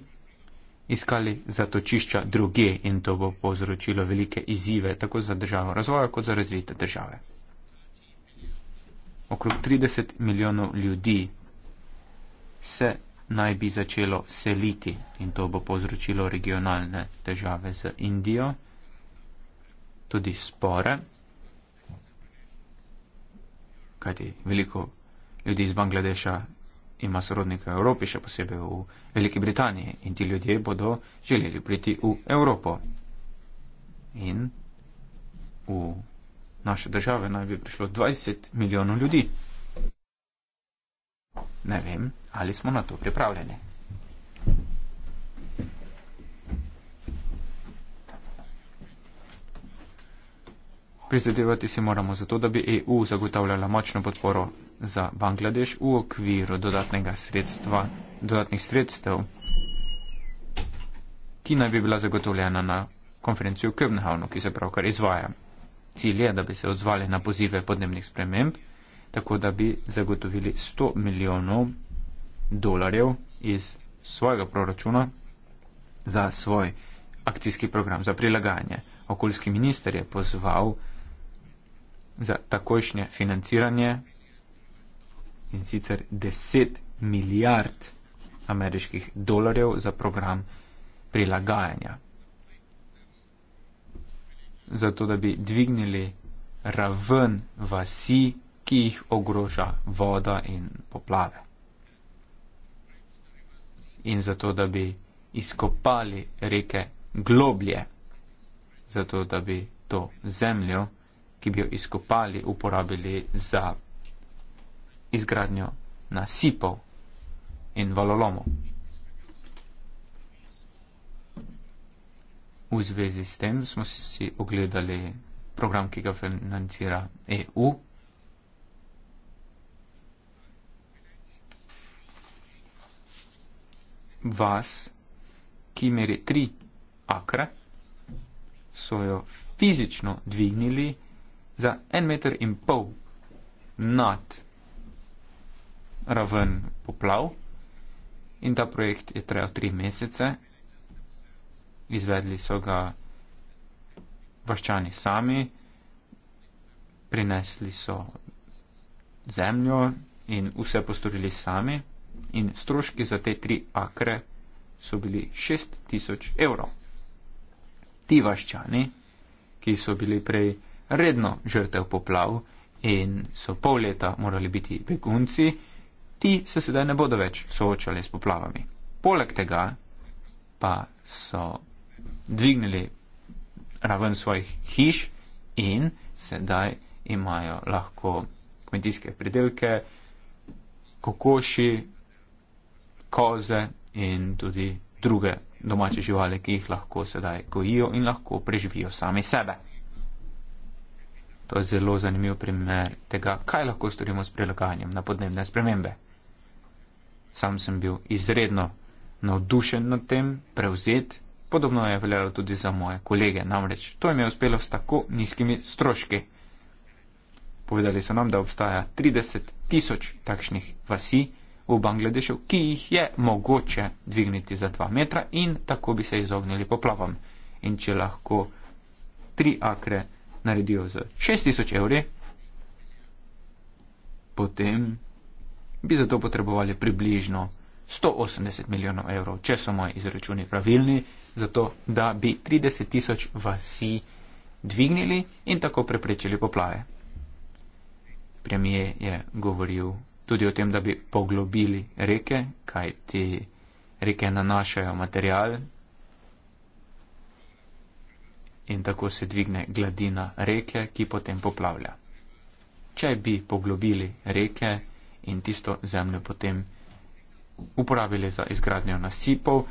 iskali zatočišča druge in to bo povzročilo velike izzive tako za državo razvoja kot za razvite države. Okrog 30 milijonov ljudi se naj bi začelo seliti in to bo povzročilo regionalne težave z Indijo, tudi spore, kajti veliko ljudi iz Bangladeša ima sorodnike v Evropi, še posebej v Veliki Britaniji. In ti ljudje bodo želeli priti v Evropo. In v naše države naj bi prišlo 20 milijonov ljudi. Ne vem, ali smo na to pripravljeni. Prizadevati se moramo za to, da bi EU zagotavljala močno podporo za Bangladeš v okviru sredstva, dodatnih sredstev, ki naj bi bila zagotovljena na konferenci v Köbenhavnu, ki se pravkar izvaja. Cilj je, da bi se odzvali na pozive podnebnih sprememb, tako da bi zagotovili 100 milijonov dolarjev iz svojega proračuna za svoj akcijski program za prilagajanje. Okoljski minister je pozval za takojšnje financiranje in sicer 10 milijard ameriških dolarjev za program prilagajanja. Zato, da bi dvignili raven vasi, ki jih ogroža voda in poplave. In zato, da bi izkopali reke globlje, zato, da bi to zemljo, ki bi jo izkopali, uporabili za izgradnjo nasipov in valolomov. V zvezi s tem smo si ogledali program, ki ga financira EU. Vas, ki meri tri akre, so jo fizično dvignili za en meter in pol nad raven poplav in ta projekt je trajal tri mesece. Izvedli so ga vaščani sami, prinesli so zemljo in vse postorili sami in stroški za te tri akre so bili 6000 evrov. Ti vaščani, ki so bili prej redno žrtev poplav in so pol leta morali biti begunci, ti se sedaj ne bodo več soočali s poplavami. Poleg tega pa so dvignili raven svojih hiš in sedaj imajo lahko kmetijske pridelke, kokoši, koze in tudi druge domače živali, ki jih lahko sedaj gojijo in lahko preživijo sami sebe. To je zelo zanimiv primer tega, kaj lahko storimo s prilagajanjem na podnebne spremembe. Sam sem bil izredno navdušen nad tem, prevzet, podobno je veljalo tudi za moje kolege, namreč to jim je uspelo s tako nizkimi stroški. Povedali so nam, da obstaja 30 tisoč takšnih vasi v Bangladešu, ki jih je mogoče dvigniti za 2 metra in tako bi se izognili poplavam. In če lahko 3 akre naredijo za 6 tisoč evri, potem bi zato potrebovali približno 180 milijonov evrov, če so moji izračuni pravilni, zato da bi 30 tisoč vasi dvignili in tako preprečili poplave. Premijer je govoril tudi o tem, da bi poglobili reke, kaj ti reke nanašajo material in tako se dvigne gladina reke, ki potem poplavlja. Če bi poglobili reke, in tisto zemljo potem uporabili za izgradnjo nasipov.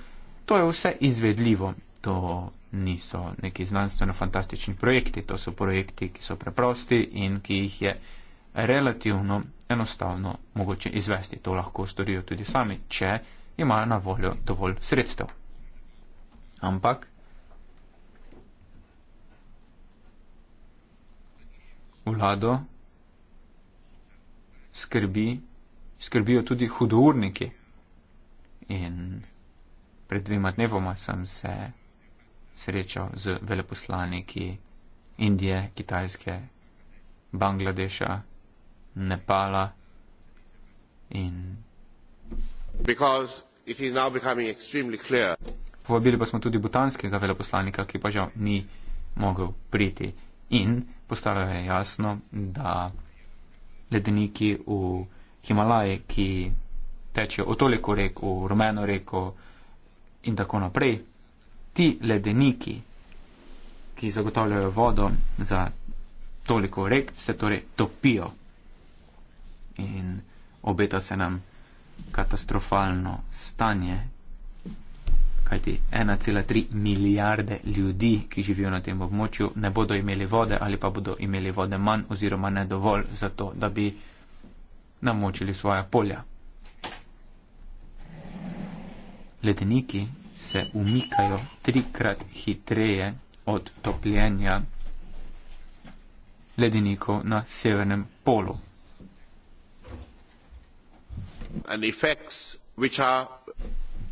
To je vse izvedljivo, to niso neki znanstveno fantastični projekti, to so projekti, ki so preprosti in ki jih je relativno enostavno mogoče izvesti. To lahko storijo tudi sami, če imajo na voljo dovolj sredstev. Ampak vlado skrbi, skrbijo tudi hudourniki. In pred dvema dnevoma sem se srečal z veleposlaniki Indije, Kitajske, Bangladeša, Nepala in. Povabili pa smo tudi butanskega veleposlanika, ki pa žal ni mogel priti. In postalo je jasno, da ledeniki v Himalaji, ki tečejo o toliko rek, v rumeno reko in tako naprej. Ti ledeniki, ki zagotavljajo vodo za toliko rek, se torej topijo in obeta se nam katastrofalno stanje, kajti 1,3 milijarde ljudi, ki živijo na tem območju, ne bodo imeli vode ali pa bodo imeli vode manj oziroma ne dovolj za to, da bi namočili svoja polja. Ledeniki se umikajo trikrat hitreje od topljenja ledenikov na severnem polu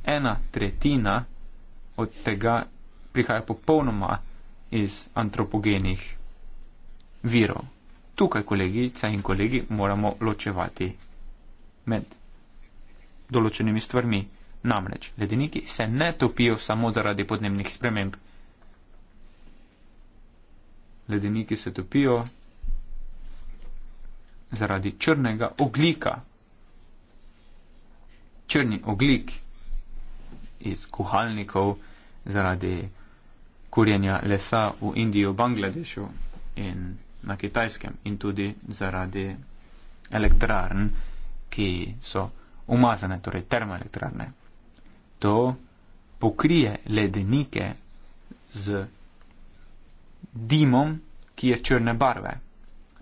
ena tretjina od tega prihaja popolnoma iz antropogenih virov. Tukaj, kolegice in kolegi, moramo ločevati med določenimi stvarmi. Namreč, ledeniki se ne topijo samo zaradi podnebnih sprememb. Ledeniki se topijo zaradi črnega oglika. Črni oglik iz kuhalnikov zaradi kurjenja lesa v Indiji, v Bangladešu in na kitajskem in tudi zaradi elektrarn, ki so umazane, torej termoelektrarne. To pokrije ledenike z dimom, ki je črne barve.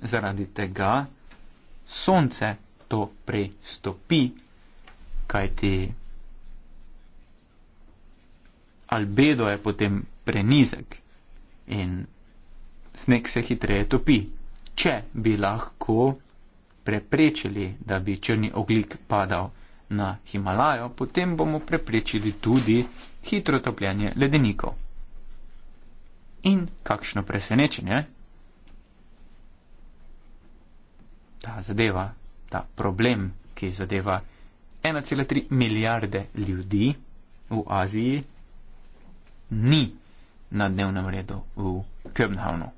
Zaradi tega sonce to prestopi, kajti albedo je potem prenizek in sneg se hitreje topi. Če bi lahko preprečili, da bi črni oglik padal na Himalajo, potem bomo preprečili tudi hitro topljenje ledenikov. In kakšno presenečenje? Ta zadeva, ta problem, ki zadeva 1,3 milijarde ljudi v Aziji, ni na dnevnem redu v Köbnhavnu.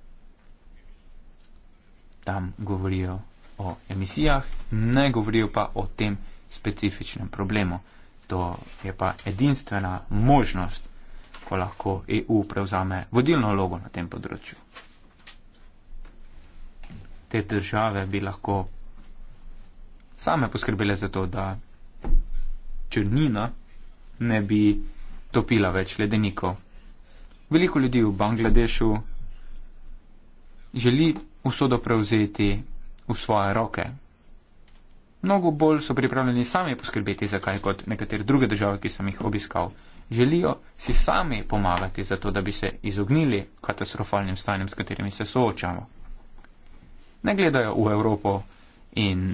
Tam govorijo o emisijah, ne govorijo pa o tem specifičnem problemu. To je pa edinstvena možnost, ko lahko EU prevzame vodilno logo na tem področju. Te države bi lahko same poskrbele za to, da črnina ne bi topila več ledenikov. Veliko ljudi v Bangladešu želi usodo prevzeti v svoje roke. Mnogo bolj so pripravljeni sami poskrbeti za kaj kot nekatere druge države, ki sem jih obiskal. Želijo si sami pomagati za to, da bi se izognili katastrofalnim stanjem, s katerimi se soočamo. Ne gledajo v Evropo in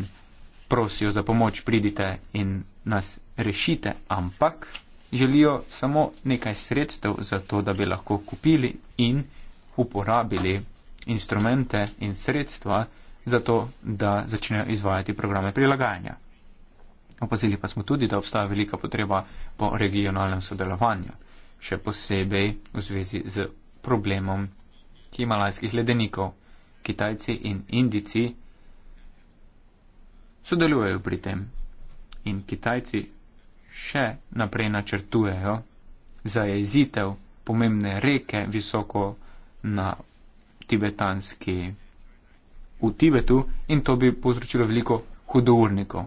prosijo za pomoč, pridite in nas rešite, ampak želijo samo nekaj sredstev za to, da bi lahko kupili in uporabili instrumente in sredstva za to, da začnejo izvajati programe prilagajanja. Opazili pa smo tudi, da obstaja velika potreba po regionalnem sodelovanju, še posebej v zvezi z problemom himalajskih ledenikov. Kitajci in Indici sodelujejo pri tem in Kitajci še naprej načrtujejo za jezitev pomembne reke visoko na tibetanski v Tibetu in to bi povzročilo veliko hudournikov.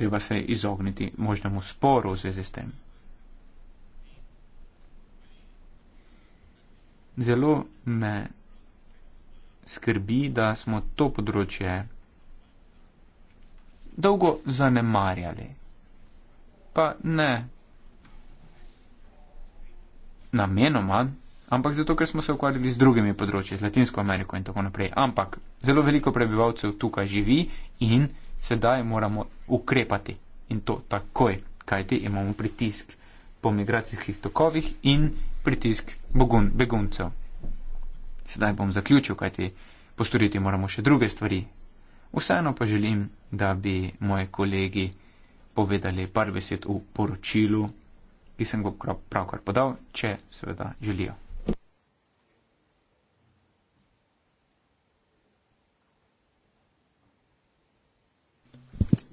Treba se izogniti možnemu sporu v zvezi s tem. Zelo me skrbi, da smo to področje dolgo zanemarjali. Pa ne namenoma, ampak zato, ker smo se ukvarjali z drugimi področji, z Latinsko Ameriko in tako naprej. Ampak zelo veliko prebivalcev tukaj živi in sedaj moramo ukrepati in to takoj, kajti imamo pritisk po migracijskih tokovih in pritisk bogun, beguncev. Sedaj bom zaključil, kajti postoriti moramo še druge stvari, Vseeno pa želim, da bi moji kolegi povedali par besed v poročilu, ki sem ga pravkar podal, če seveda želijo.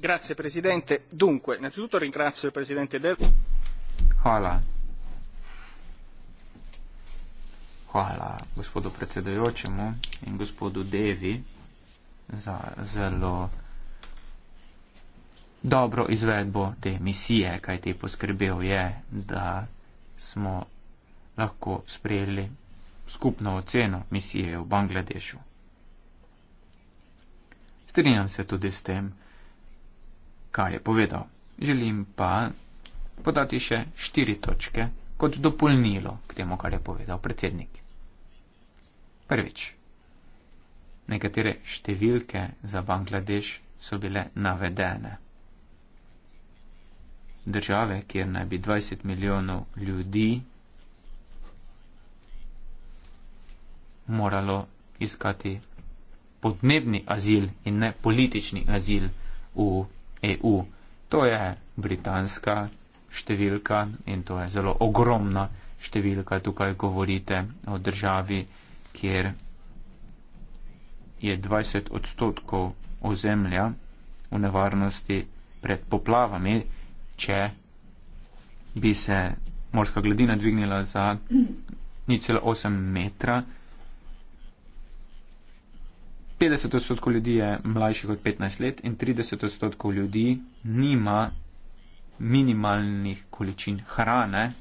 Grazie Presidente. Dunque, innanzitutto ringrazio il Presidente Del. Hvala. Hvala gospodu predsedujočemu in gospodu Devi za zelo dobro izvedbo te misije, kaj te poskrbel je, da smo lahko sprejeli skupno oceno misije v Bangladešu. Strinjam se tudi s tem, kaj je povedal. Želim pa podati še štiri točke kot dopolnilo k temu, kar je povedal predsednik. Prvič nekatere številke za Bangladeš so bile navedene. Države, kjer naj bi 20 milijonov ljudi moralo iskati podnebni azil in ne politični azil v EU. To je britanska številka in to je zelo ogromna številka. Tukaj govorite o državi, kjer je 20 odstotkov ozemlja v nevarnosti pred poplavami, če bi se morska gladina dvignila za nič celo 8 metra. 50 odstotkov ljudi je mlajših od 15 let in 30 odstotkov ljudi nima minimalnih količin hrane,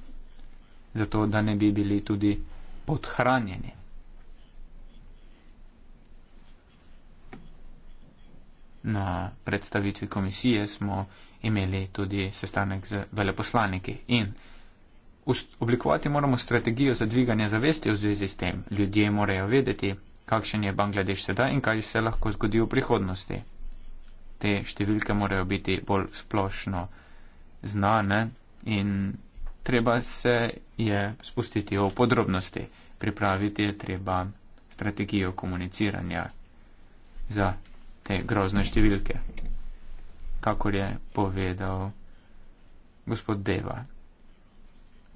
zato da ne bi bili tudi podhranjeni. na predstavitvi komisije smo imeli tudi sestanek z veleposlaniki. In oblikovati moramo strategijo za dviganje zavesti v zvezi s tem. Ljudje morajo vedeti, kakšen je Bangladeš sedaj in kaj se lahko zgodi v prihodnosti. Te številke morajo biti bolj splošno znane in treba se je spustiti v podrobnosti. Pripraviti je treba strategijo komuniciranja za te grozne številke, kakor je povedal gospod Deva.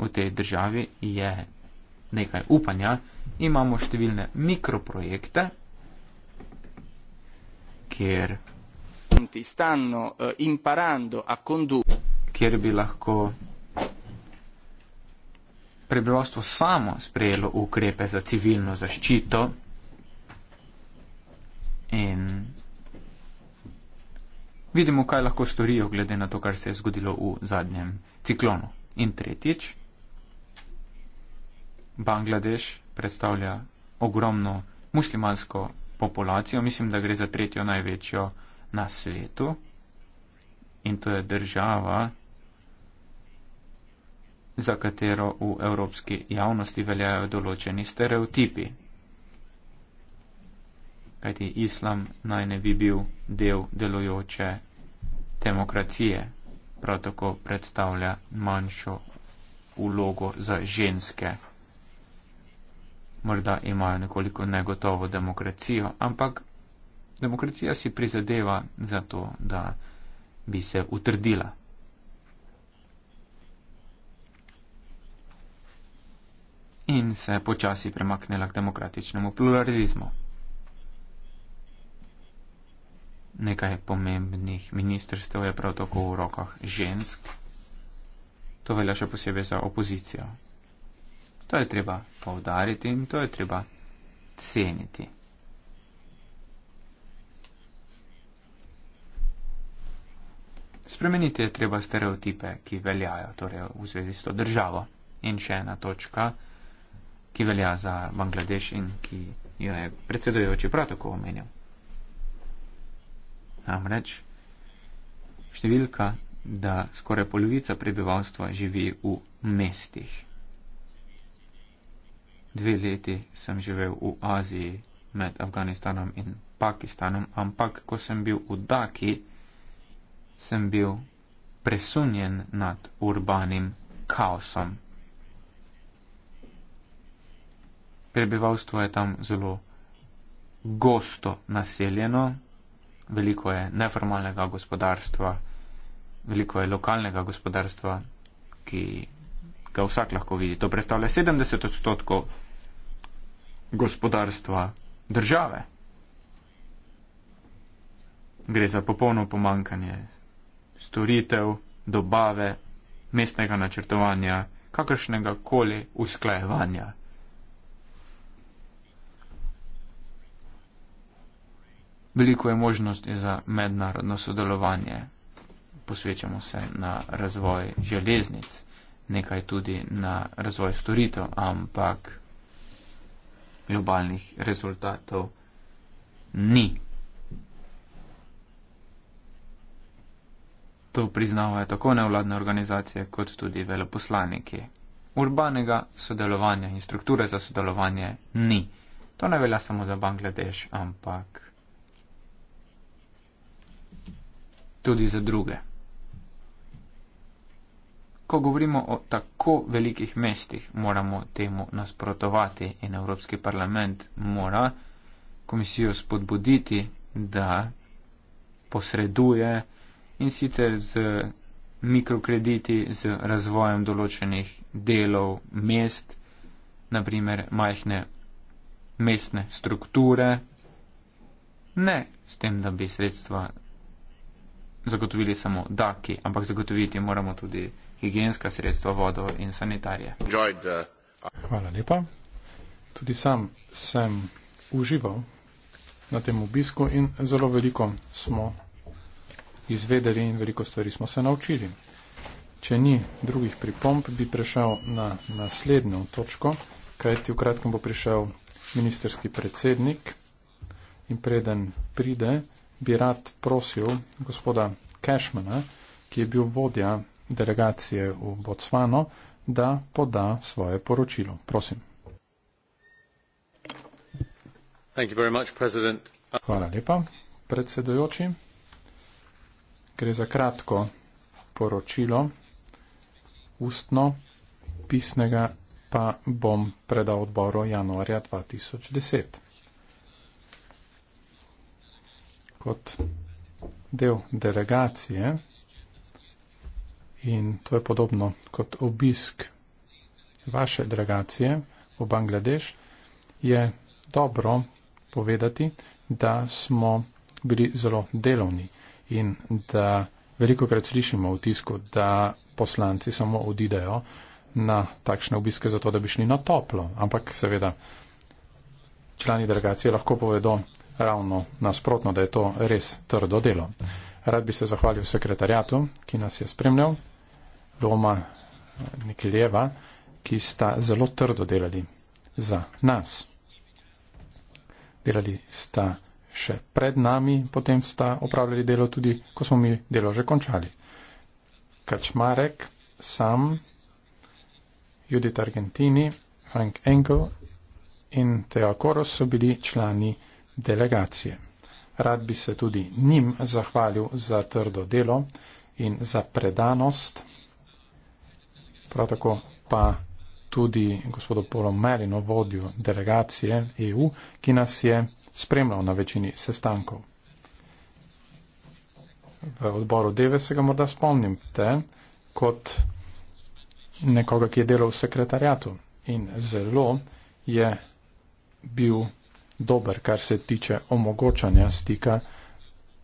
V tej državi je nekaj upanja, imamo številne mikroprojekte, kjer, eh, kjer bi lahko prebivalstvo samo sprejelo ukrepe za civilno zaščito in vidimo, kaj lahko storijo, glede na to, kar se je zgodilo v zadnjem ciklonu. In tretjič, Bangladeš predstavlja ogromno muslimansko populacijo, mislim, da gre za tretjo največjo na svetu. In to je država, za katero v evropski javnosti veljajo določeni stereotipi kajti islam naj ne bi bil del delujoče demokracije, prav tako predstavlja manjšo ulogo za ženske. Morda imajo nekoliko negotovo demokracijo, ampak demokracija si prizadeva za to, da bi se utrdila. In se počasi premaknila k demokratičnemu pluralizmu. nekaj pomembnih ministrstev je prav tako v rokah žensk. To velja še posebej za opozicijo. To je treba povdariti in to je treba ceniti. Spremeniti je treba stereotipe, ki veljajo torej v zvezi s to državo. In še ena točka, ki velja za Bangladeš in ki jo je predsedujoči prav tako omenil. Namreč številka, da skoraj polovica prebivalstva živi v mestih. Dve leti sem živel v Aziji med Afganistanom in Pakistanom, ampak ko sem bil v Daki, sem bil presunjen nad urbanim kaosom. Prebivalstvo je tam zelo gosto naseljeno, veliko je neformalnega gospodarstva, veliko je lokalnega gospodarstva, ki ga vsak lahko vidi. To predstavlja 70 odstotkov gospodarstva države. Gre za popolno pomankanje storitev, dobave, mestnega načrtovanja, kakršnega koli usklajevanja. veliko je možnosti za mednarodno sodelovanje. Posvečamo se na razvoj železnic, nekaj tudi na razvoj storitev, ampak globalnih rezultatov ni. To priznavajo tako nevladne organizacije, kot tudi veleposlaniki. Urbanega sodelovanja in strukture za sodelovanje ni. To ne velja samo za Bangladeš, ampak tudi za druge. Ko govorimo o tako velikih mestih, moramo temu nasprotovati in Evropski parlament mora komisijo spodbuditi, da posreduje in sicer z mikrokrediti, z razvojem določenih delov mest, naprimer majhne mestne strukture, ne s tem, da bi sredstva zagotovili samo daki, ampak zagotoviti moramo tudi higijenska sredstva, vodo in sanitarije. Uh, Hvala lepa. Tudi sam sem užival na tem obisku in zelo veliko smo izvedeli in veliko stvari smo se naučili. Če ni drugih pripomp, bi prešel na naslednjo točko, kajti v kratkem bo prišel ministerski predsednik in preden pride, bi rad prosil gospoda Cashmana, ki je bil vodja delegacije v Botsvano, da poda svoje poročilo. Prosim. Much, Hvala lepa, predsedojoči. Gre za kratko poročilo, ustno, pisnega pa bom predal odboru januarja 2010. kot del delegacije in to je podobno kot obisk vaše delegacije v Bangladeš, je dobro povedati, da smo bili zelo delovni in da veliko krat slišimo v tisku, da poslanci samo odidejo na takšne obiske zato, da bi šli na toplo. Ampak seveda člani delegacije lahko povedo ravno nasprotno, da je to res trdo delo. Rad bi se zahvalil sekretarjatu, ki nas je spremljal, Loma Nikljeva, ki sta zelo trdo delali za nas. Delali sta še pred nami, potem sta opravljali delo tudi, ko smo mi delo že končali. Kačmarek, sam, Judith Argentini, Frank Engel in Teo Koros so bili člani delegacije. Rad bi se tudi njim zahvalil za trdo delo in za predanost, prav tako pa tudi gospodu Polo Merino, vodjo delegacije EU, ki nas je spremljal na večini sestankov. V odboru Deve se ga morda spomnim te kot nekoga, ki je delal v sekretarjatu in zelo je bil dober, kar se tiče omogočanja stika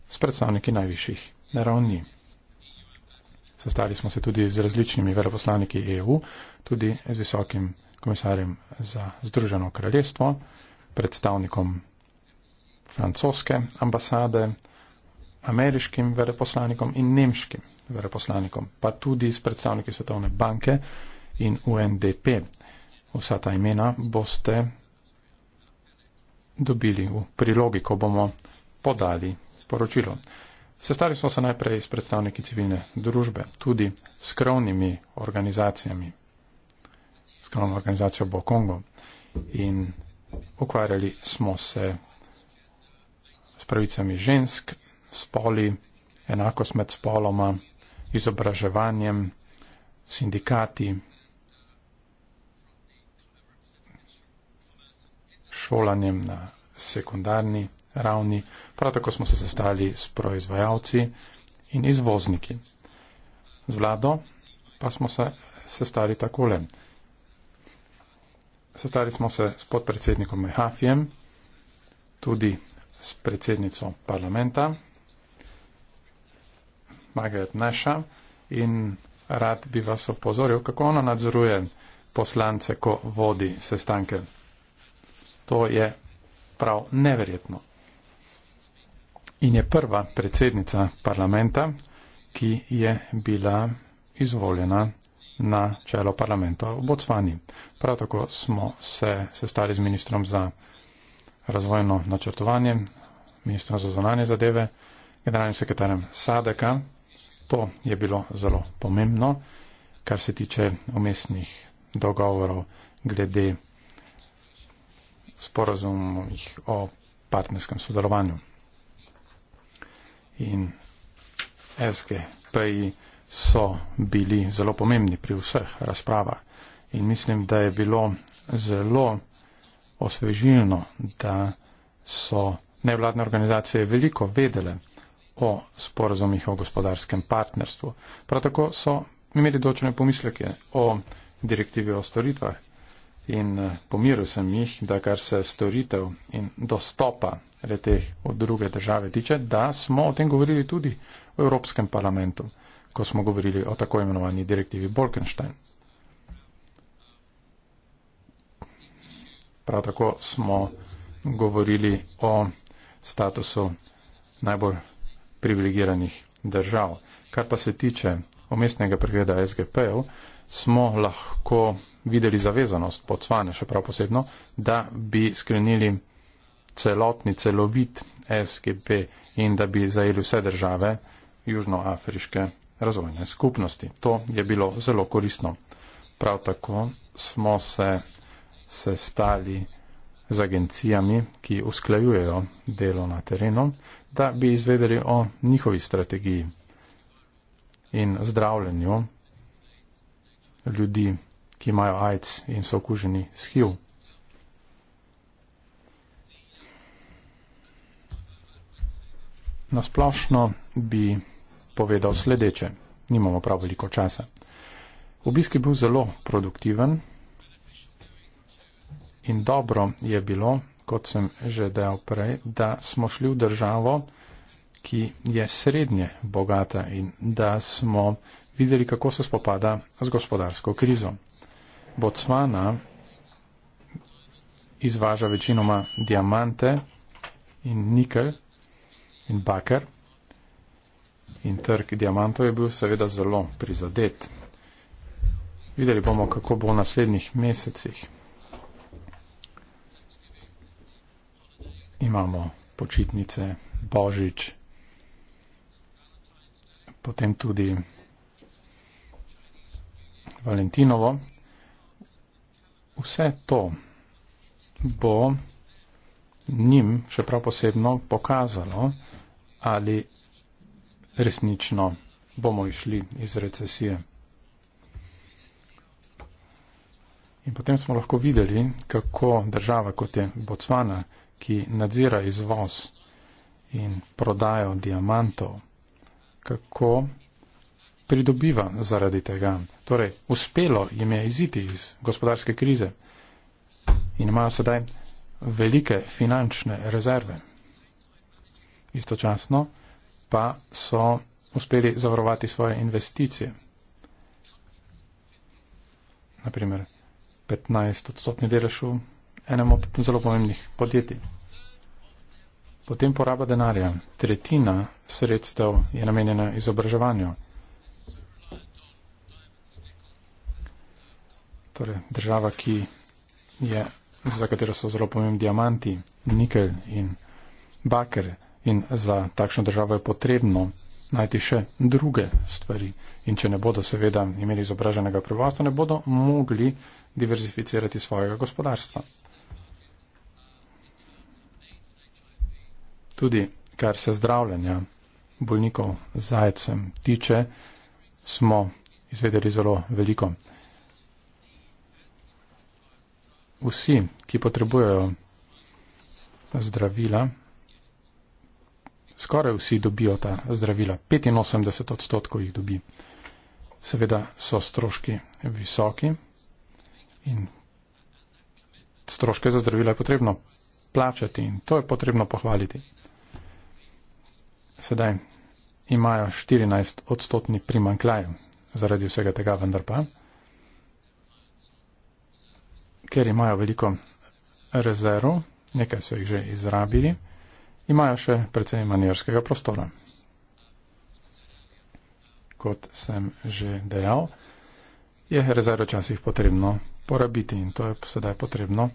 s predstavniki najvišjih ravni. Sestali smo se tudi z različnimi veleposlaniki EU, tudi z visokim komisarjem za Združeno kraljestvo, predstavnikom francoske ambasade, ameriškim veleposlanikom in nemškim veleposlanikom, pa tudi s predstavniki Svetovne banke in UNDP. Vsa ta imena boste dobili v prilogi, ko bomo podali poročilo. Sestali smo se najprej s predstavniki civilne družbe, tudi s krovnimi organizacijami, s krovno organizacijo Bokongo in ukvarjali smo se s pravicami žensk, spoli, enakost med spoloma, izobraževanjem, sindikati, šolanjem na sekundarni ravni. Prav tako smo se sestali s proizvajalci in izvozniki. Z vlado pa smo se sestali takole. Sestali smo se s podpredsednikom Mehafijem, tudi s predsednico parlamenta, Margaret Neša in rad bi vas opozoril, kako ona nadzoruje poslance, ko vodi sestanke. To je prav neverjetno. In je prva predsednica parlamenta, ki je bila izvoljena na čelo parlamenta v Bocvani. Prav tako smo se sestali z ministrom za razvojno načrtovanje, ministrom za zonanje zadeve, generalnim sekretarjem Sadeka. To je bilo zelo pomembno, kar se tiče umestnih dogovorov glede sporozum ih o partnerskem sodelovanju. In SGPI so bili zelo pomembni pri vseh razpravah in mislim, da je bilo zelo osvežilno, da so nevladne organizacije veliko vedele o sporozumih o gospodarskem partnerstvu. Prav tako so imeli določene pomisleke o direktivi o storitvah, in eh, pomiril sem jih, da kar se storitev in dostopa leteh od druge države tiče, da smo o tem govorili tudi v Evropskem parlamentu, ko smo govorili o tako imenovani direktivi Bolkenstein. Prav tako smo govorili o statusu najbolj privilegiranih držav. Kar pa se tiče omestnega pregleda SGP-ev, smo lahko videli zavezanost pod Svane, še prav posebno, da bi sklenili celotni, celovit SGP in da bi zajeli vse države Južnoafriške razvojne skupnosti. To je bilo zelo koristno. Prav tako smo se sestali z agencijami, ki usklajujejo delo na terenu, da bi izvedeli o njihovi strategiji in zdravljenju ljudi ki imajo AIDS in so okuženi s HIV. Nasplošno bi povedal sledeče, nimamo prav veliko časa. Obisk je bil zelo produktiven in dobro je bilo, kot sem že dejal prej, da smo šli v državo, ki je srednje bogata in da smo videli, kako se spopada z gospodarsko krizo. Botswana izvaža večinoma diamante in nikel in baker. In trg diamantov je bil seveda zelo prizadet. Videli bomo, kako bo v naslednjih mesecih. Imamo počitnice, božič, potem tudi Valentinovo, vse to bo njim še prav posebno pokazalo, ali resnično bomo išli iz recesije. In potem smo lahko videli, kako država, kot je Botswana, ki nadzira izvoz in prodajo diamantov, kako pridobiva zaradi tega. Torej, uspelo jim je iziti iz gospodarske krize in imajo sedaj velike finančne rezerve. Istočasno pa so uspeli zavarovati svoje investicije. Naprimer, 15 odstotni delež v enem od zelo pomembnih podjetij. Potem poraba denarja. Tretjina sredstev je namenjena izobraževanju. torej država, je, za katero so zelo pomembni diamanti, nikelj in baker. In za takšno državo je potrebno najti še druge stvari. In če ne bodo seveda imeli izobraženega prebivalstva, ne bodo mogli diverzificirati svojega gospodarstva. Tudi kar se zdravljenja bolnikov zajcem e tiče, smo izvedeli zelo veliko vsi, ki potrebujejo zdravila, skoraj vsi dobijo ta zdravila. 85 odstotkov jih dobi. Seveda so stroški visoki in stroške za zdravila je potrebno plačati in to je potrebno pohvaliti. Sedaj imajo 14 odstotni primankljaj zaradi vsega tega, vendar pa ker imajo veliko rezerv, nekaj so jih že izrabili, imajo še precej manjerskega prostora. Kot sem že dejal, je rezerv včasih potrebno porabiti in to je sedaj potrebno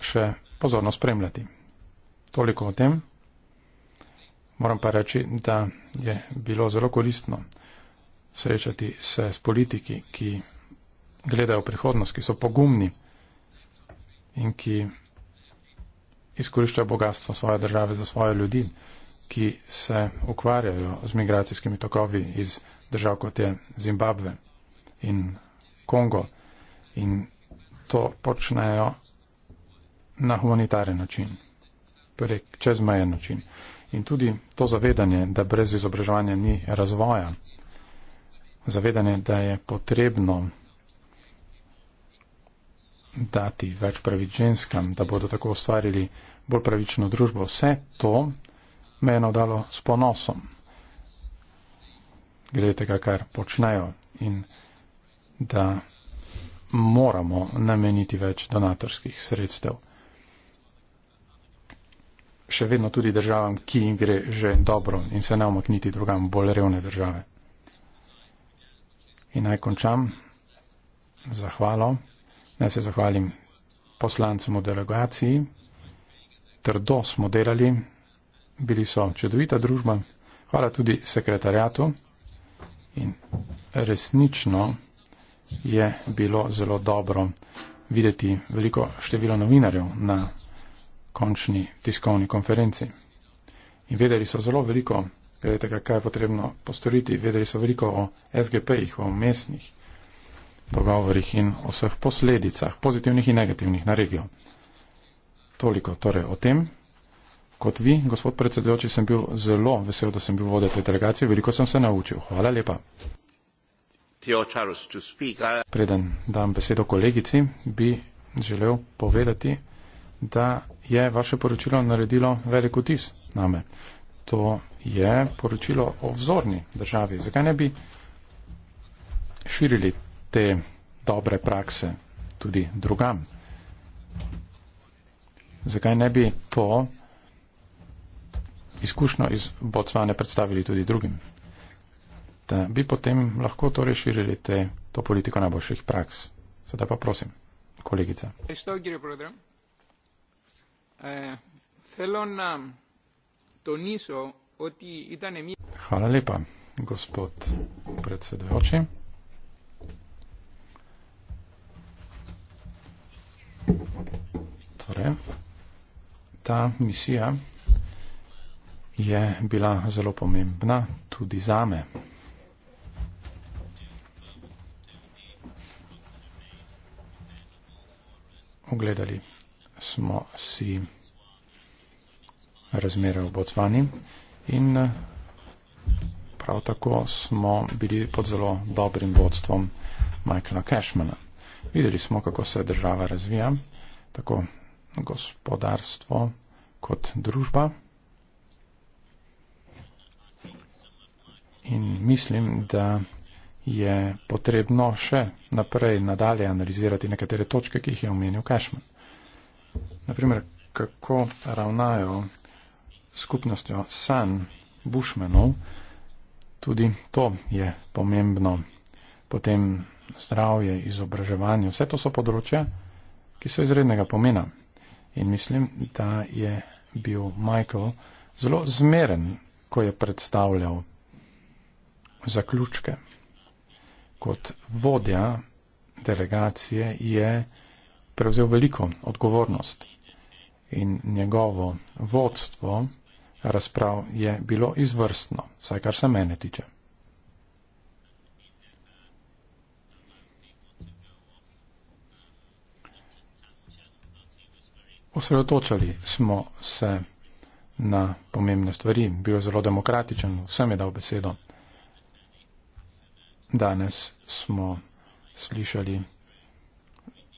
še pozorno spremljati. Toliko o tem. Moram pa reči, da je bilo zelo koristno srečati se s politiki, ki gledajo prihodnost, ki so pogumni in ki izkoriščajo bogatstvo svoje države za svoje ljudi, ki se ukvarjajo z migracijskimi tokovi iz držav kot je Zimbabve in Kongo in to počnejo na humanitaren način, prek torej čezmejen način. In tudi to zavedanje, da brez izobraževanja ni razvoja, zavedanje, da je potrebno dati več pravic ženskam, da bodo tako ustvarili bolj pravično družbo. Vse to me je navdalo s ponosom. Gledajte, kar počnejo in da moramo nameniti več donatorskih sredstev. Še vedno tudi državam, ki jim gre že dobro in se ne omakniti drugam bolj revne države. In naj končam zahvalo. Naj se zahvalim poslancem v delegaciji. Trdo smo delali, bili so čudovita družba. Hvala tudi sekretarjatu. In resnično je bilo zelo dobro videti veliko število novinarjev na končni tiskovni konferenci. In vedeli so zelo veliko, glede tega, kaj je potrebno postoriti, vedeli so veliko o SGP-jih, o mestnih dogovorih in o vseh posledicah, pozitivnih in negativnih, na regijo. Toliko torej o tem. Kot vi, gospod predsedujoči, sem bil zelo vesel, da sem bil vodja te delegacije. Veliko sem se naučil. Hvala lepa. Preden dam besedo kolegici, bi želel povedati, da je vaše poročilo naredilo veliko tis name. To je poročilo o vzorni državi. Zakaj ne bi širili te dobre prakse tudi drugam. Zakaj ne bi to izkušnjo iz Bocvane predstavili tudi drugim? Da bi potem lahko to reširili, te, to politiko najboljših praks. Sedaj pa prosim, kolegica. Eh, Hvala lepa, gospod predsedujoči. Torej, ta misija je bila zelo pomembna tudi zame. Ogledali smo si razmere v Bocvani in eh, prav tako smo bili pod zelo dobrim vodstvom Michaela Cashmana. Videli smo, kako se država razvija, tako gospodarstvo kot družba. In mislim, da je potrebno še naprej nadalje analizirati nekatere točke, ki jih je omenil Cashman. Naprimer, kako ravnajo skupnostjo San Bushmanov, tudi to je pomembno. Potem zdravje, izobraževanje, vse to so področja, ki so izrednega pomena. In mislim, da je bil Michael zelo zmeren, ko je predstavljal zaključke. Kot vodja delegacije je prevzel veliko odgovornost in njegovo vodstvo razprav je bilo izvrstno, vsaj kar se mene tiče. Osredotočali smo se na pomembne stvari, bil je zelo demokratičen, vsem je dal besedo. Danes smo slišali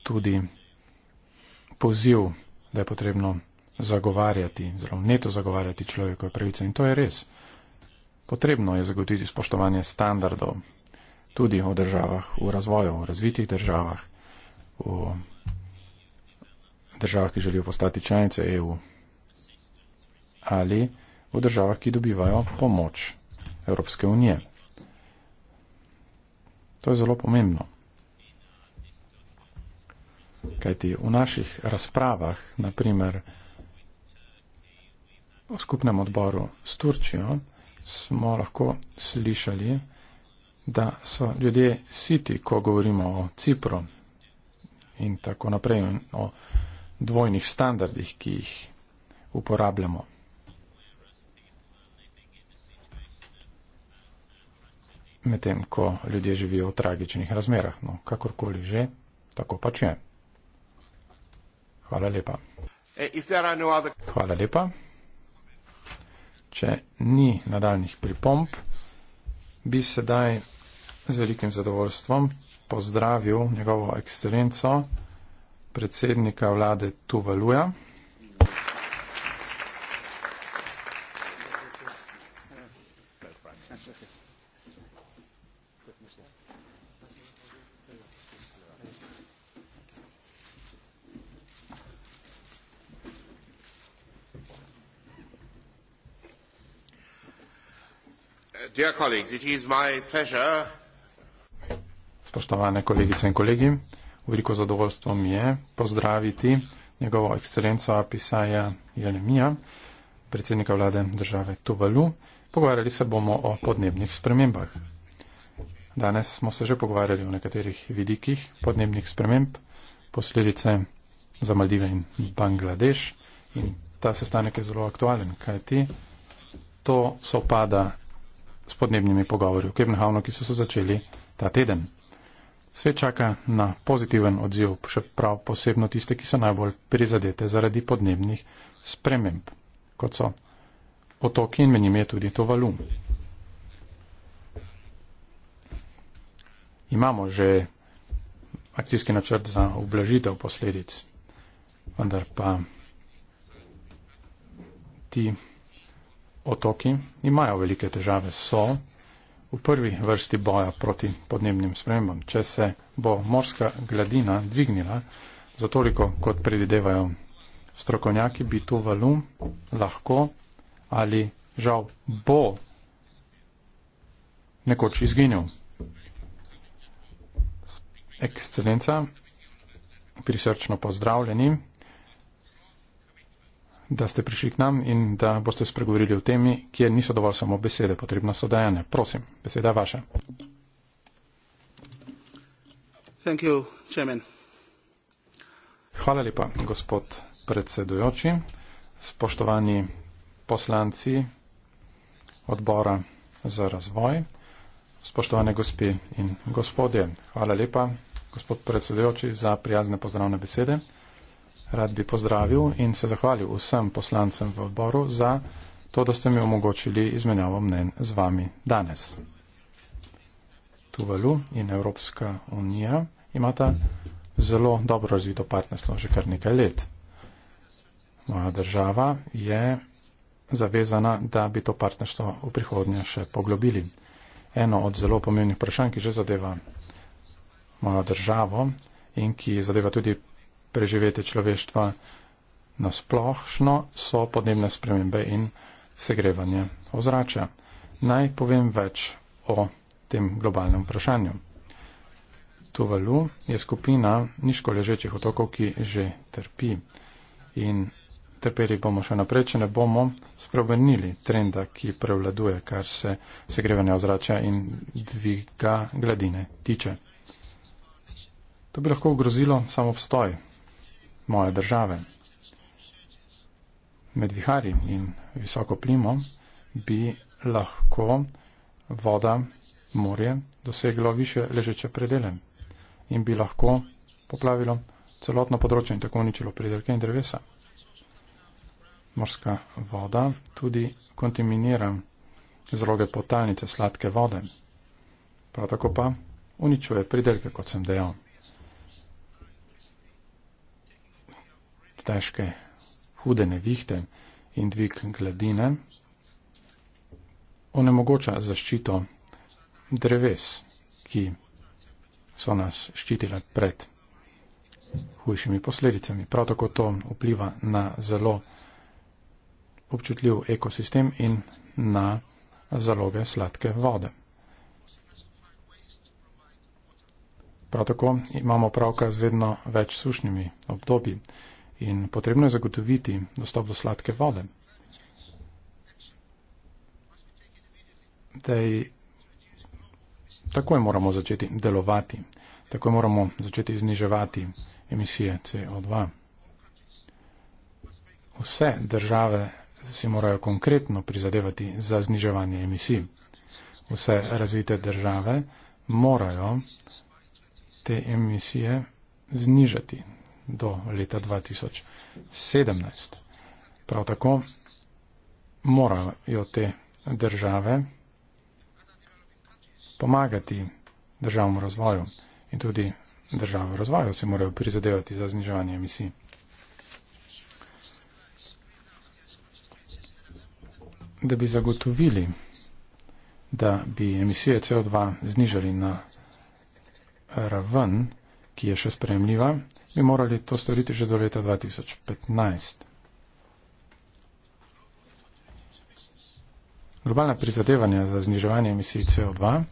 tudi poziv, da je potrebno zagovarjati, zelo neto zagovarjati človekove pravice in to je res. Potrebno je zagotoviti spoštovanje standardov tudi v državah, v razvoju, v razvitih državah, v državah, ki želijo postati članice EU, ali v državah, ki dobivajo pomoč Evropske unije. To je zelo pomembno. Kajti v naših razpravah, naprimer v skupnem odboru s Turčijo, smo lahko slišali, da so ljudje siti, ko govorimo o Cipru in tako naprej, o dvojnih standardih, ki jih uporabljamo. Medtem, ko ljudje živijo v tragičnih razmerah. No, kakorkoli že, tako pač je. Hvala lepa. Eh, Hvala lepa. Če ni nadaljnih pripomp, bi sedaj z velikim zadovoljstvom pozdravil njegovo ekscelenco predsednika vlade Tuvaluja. Spoštovane kolegice in kolegi, veliko zadovoljstvo mi je pozdraviti njegovo ekscelenco Apisaja Jeremija, predsednika vlade države Tuvalu. Pogovarjali se bomo o podnebnih spremembah. Danes smo se že pogovarjali o nekaterih vidikih podnebnih sprememb, posledice za Maldive in Bangladeš in ta sestanek je zelo aktualen, kajti to sopada s podnebnimi pogovori v Kebnehavnu, ki so se začeli ta teden. Svet čaka na pozitiven odziv, še prav posebno tiste, ki so najbolj prizadete zaradi podnebnih sprememb, kot so otoki in menime tudi Tovalu. Imamo že akcijski načrt za ublažitev posledic, vendar pa ti otoki imajo velike težave, so v prvi vrsti boja proti podnebnim spremembam. Če se bo morska gladina dvignila za toliko, kot predvidevajo strokovnjaki, bi tu valum lahko ali žal bo nekoč izginil. Ekscelenca, prisrčno pozdravljeni da ste prišli k nam in da boste spregovorili o temi, kjer niso dovolj samo besede, potrebna so dajanja. Prosim, beseda je vaša. You, Hvala lepa, gospod predsedujoči, spoštovani poslanci odbora za razvoj. Spoštovane gospe in gospodje, hvala lepa, gospod predsedujoči, za prijazne pozdravne besede rad bi pozdravil in se zahvalil vsem poslancem v odboru za to, da ste mi omogočili izmenjavo mnen z vami danes. Tuvalu in Evropska unija imata zelo dobro razvito partnerstvo že kar nekaj let. Moja država je zavezana, da bi to partnerstvo v prihodnje še poglobili. Eno od zelo pomembnih vprašanj, ki že zadeva mojo državo in ki zadeva tudi preživetje človeštva. Nasplošno so podnebne spremembe in segrevanje ozračja. Naj povem več o tem globalnem vprašanju. Tuvalu je skupina niško ležečih otokov, ki že trpi. In trpeli bomo še naprej, če ne bomo spremenili trenda, ki prevladuje, kar se segrevanja ozračja in dviga gladine tiče. To bi lahko ogrozilo samo obstoj moje države. Med viharji in visoko plimo bi lahko voda, morje doseglo više ležeče predele in bi lahko poplavilo celotno področje in tako uničilo pridelke in drevesa. Morska voda tudi kontaminira zroge potalnice sladke vode, prav tako pa uničuje pridelke, kot sem dejal. težke hude nevihte in dvig gladine, onemogoča zaščito dreves, ki so nas ščitile pred hujšimi posledicami. Prav tako to vpliva na zelo občutljiv ekosistem in na zaloge sladke vode. Prav tako imamo pravka z vedno več sušnimi obdobji in potrebno je zagotoviti dostop do sladke vode. Dej, takoj moramo začeti delovati, takoj moramo začeti zniževati emisije CO2. Vse države si morajo konkretno prizadevati za zniževanje emisij. Vse razvite države morajo te emisije znižati, do leta 2017. Prav tako morajo te države pomagati državnemu razvoju in tudi države v razvoju se morajo prizadevati za zniževanje emisij. Da bi zagotovili, da bi emisije CO2 znižali na raven, ki je še spremljiva, bi morali to storiti že do leta 2015. Globalna prizadevanja za zniževanje emisij CO2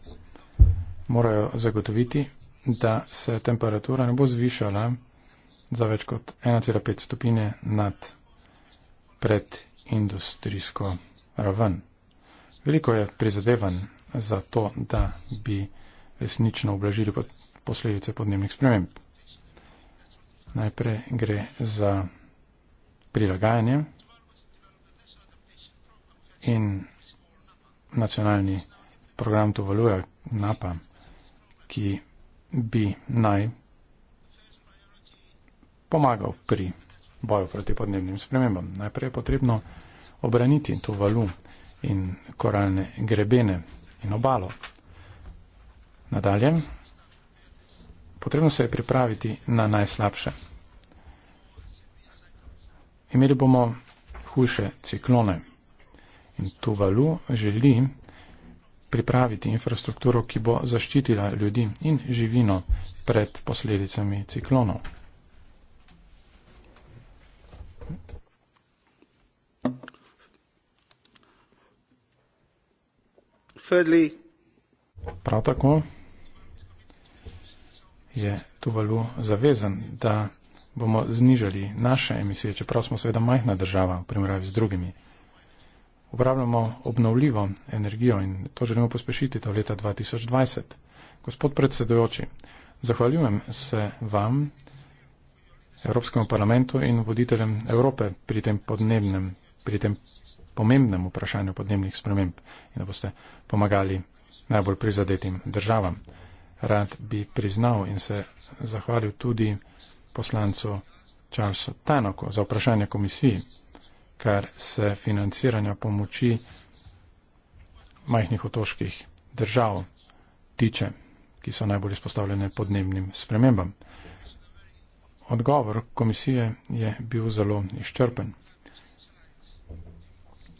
morajo zagotoviti, da se temperatura ne bo zvišala za več kot 1,5 stopine nad predindustrijsko raven. Veliko je prizadevanj za to, da bi resnično oblažili posledice podnebnih sprememb. Najprej gre za prilagajanje in nacionalni program Tuvaluja NAPA, ki bi naj pomagal pri boju proti podnebnim spremembam. Najprej je potrebno obraniti Tuvalu in koralne grebene in obalo. Nadalje Potrebno se je pripraviti na najslabše. Imeli bomo hujše ciklone in tu valu želi pripraviti infrastrukturo, ki bo zaščitila ljudi in živino pred posledicami ciklonov. Thirdly, Prav tako je Tuvalu zavezan, da bomo znižali naše emisije, čeprav smo seveda majhna država v primerjavi z drugimi. Upravljamo obnovljivo energijo in to želimo pospešiti do leta 2020. Gospod predsedujoči, zahvaljujem se vam, Evropskemu parlamentu in voditeljem Evrope pri tem podnebnem, pri tem pomembnem vprašanju podnebnih sprememb in da boste pomagali najbolj prizadetim državam rad bi priznal in se zahvalil tudi poslancu Charlesu Tanoku za vprašanje komisiji, kar se financiranja pomoči majhnih otoških držav tiče, ki so najbolj izpostavljene podnebnim spremembam. Odgovor komisije je bil zelo izčrpen.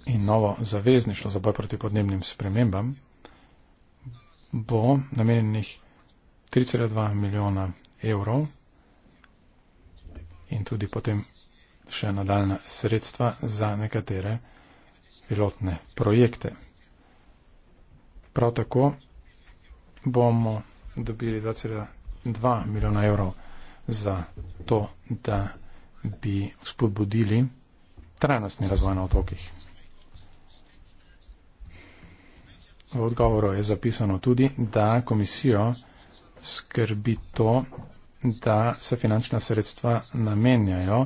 In novo zavezništvo za boj proti podnebnim spremembam bo namenjenih 3,2 milijona evrov in tudi potem še nadaljna sredstva za nekatere pilotne projekte. Prav tako bomo dobili 2,2 milijona evrov za to, da bi spodbudili trajnostni razvoj na otokih. V odgovoru je zapisano tudi, da komisijo skrbi to, da se finančna sredstva namenjajo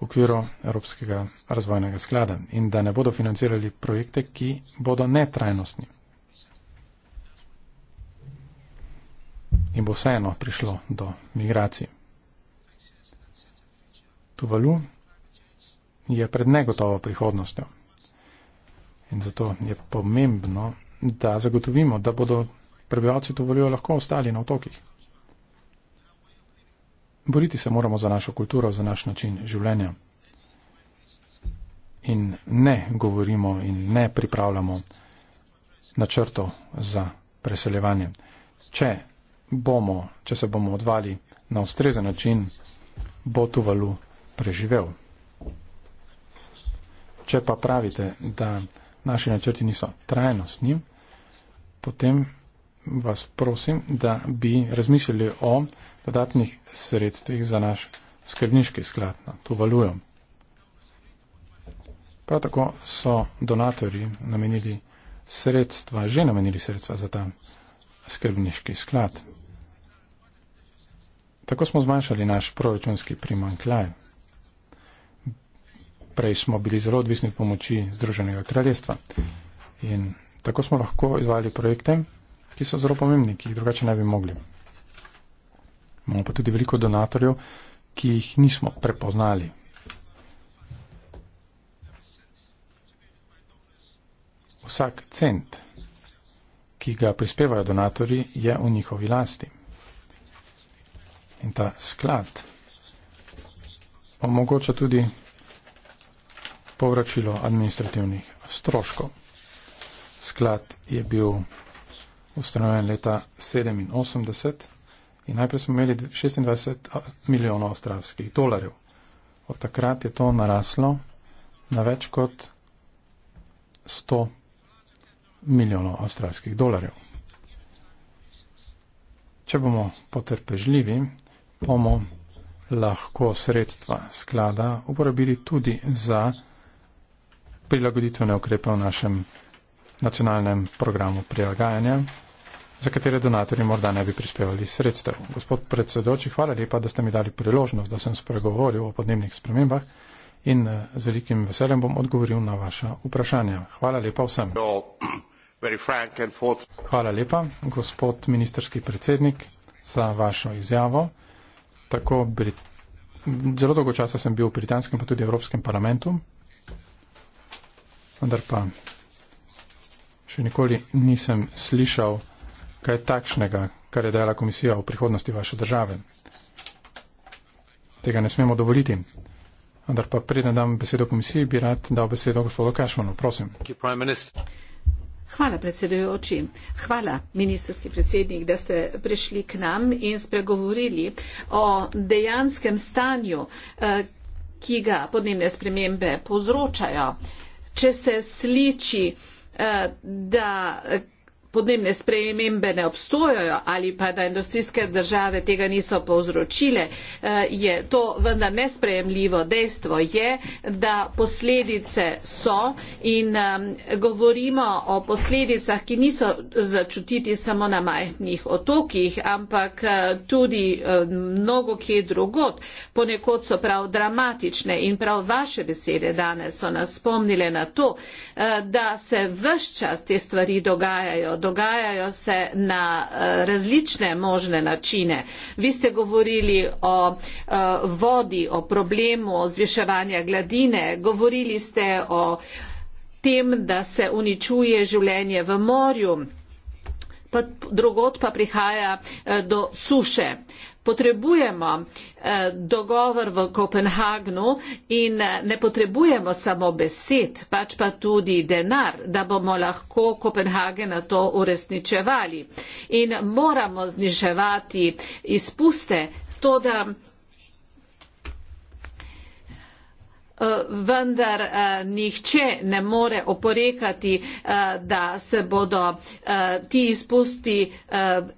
v okviru Evropskega razvojnega sklada in da ne bodo financirali projekte, ki bodo netrajnostni. In bo vseeno prišlo do migracij. Tuvalu je pred negotovo prihodnostjo. In zato je pomembno, da zagotovimo, da bodo prebivalci dovolijo lahko ostali na otokih. Boriti se moramo za našo kulturo, za naš način življenja. In ne govorimo in ne pripravljamo načrtov za preseljevanje. Če, bomo, če se bomo odvali na ustrezen način, bo Tuvalu preživel. Če pa pravite, da naši načrti niso trajnostni, potem vas prosim, da bi razmišljali o dodatnih sredstvih za naš skrbniški sklad na no, to valujo. Prav tako so donatori namenili sredstva, že namenili sredstva za ta skrbniški sklad. Tako smo zmanjšali naš proračunski primankljaj. Prej smo bili zelo odvisni od pomoči Združenega kraljestva in tako smo lahko izvali projekte, ki so zelo pomembni, ki jih drugače ne bi mogli. Imamo pa tudi veliko donatorjev, ki jih nismo prepoznali. Vsak cent, ki ga prispevajo donatorji, je v njihovi lasti. In ta sklad omogoča tudi povračilo administrativnih stroškov. Sklad je bil ustanovljen leta 87 in najprej smo imeli 26 milijonov avstralskih dolarjev. Od takrat je to naraslo na več kot 100 milijonov avstralskih dolarjev. Če bomo potrpežljivi, bomo lahko sredstva sklada uporabili tudi za prilagoditvene ukrepe v našem nacionalnem programu prilagajanja za katere donatorji morda ne bi prispevali sredstev. Gospod predsedoči, hvala lepa, da ste mi dali priložnost, da sem spregovoril o podnebnih spremembah in eh, z velikim veseljem bom odgovoril na vaša vprašanja. Hvala lepa vsem. No, hvala lepa, gospod ministerski predsednik, za vašo izjavo. Tako Brit... zelo dolgo časa sem bil v britanskem, pa tudi v Evropskem parlamentu, vendar pa še nikoli nisem slišal, kaj takšnega, kar je dejala komisija o prihodnosti vaše države. Tega ne smemo dovoliti. Vendar pa preden dam besedo komisiji, bi rad dal besedo gospodu Kašmanu. Prosim. Hvala, predsedujoči. Hvala, ministerski predsednik, da ste prišli k nam in spregovorili o dejanskem stanju, eh, ki ga podnebne spremembe povzročajo. Če se sliči, eh, da podnebne spremembe ne obstojajo ali pa da industrijske države tega niso povzročile, eh, je to vendar nesprejemljivo dejstvo, je, da posledice so in govorimo o posledicah, ki niso začutiti samo na majhnih otokih, ampak eh, tudi eh, mnogo kje drugot, ponekod so prav dramatične in prav vaše besede danes so nas spomnile na to, da se vse čas te stvari dogajajo dogajajo se na eh, različne možne načine. Vi ste govorili o eh, vodi, o problemu zviševanja gladine, govorili ste o tem, da se uničuje življenje v morju, pa drugot pa prihaja eh, do suše. Potrebujemo eh, dogovor v Kopenhagnu in eh, ne potrebujemo samo besed, pač pa tudi denar, da bomo lahko Kopenhagen na to uresničevali. In moramo zniževati izpuste, to da vendar eh, nihče ne more oporekati, eh, da se bodo eh, ti izpusti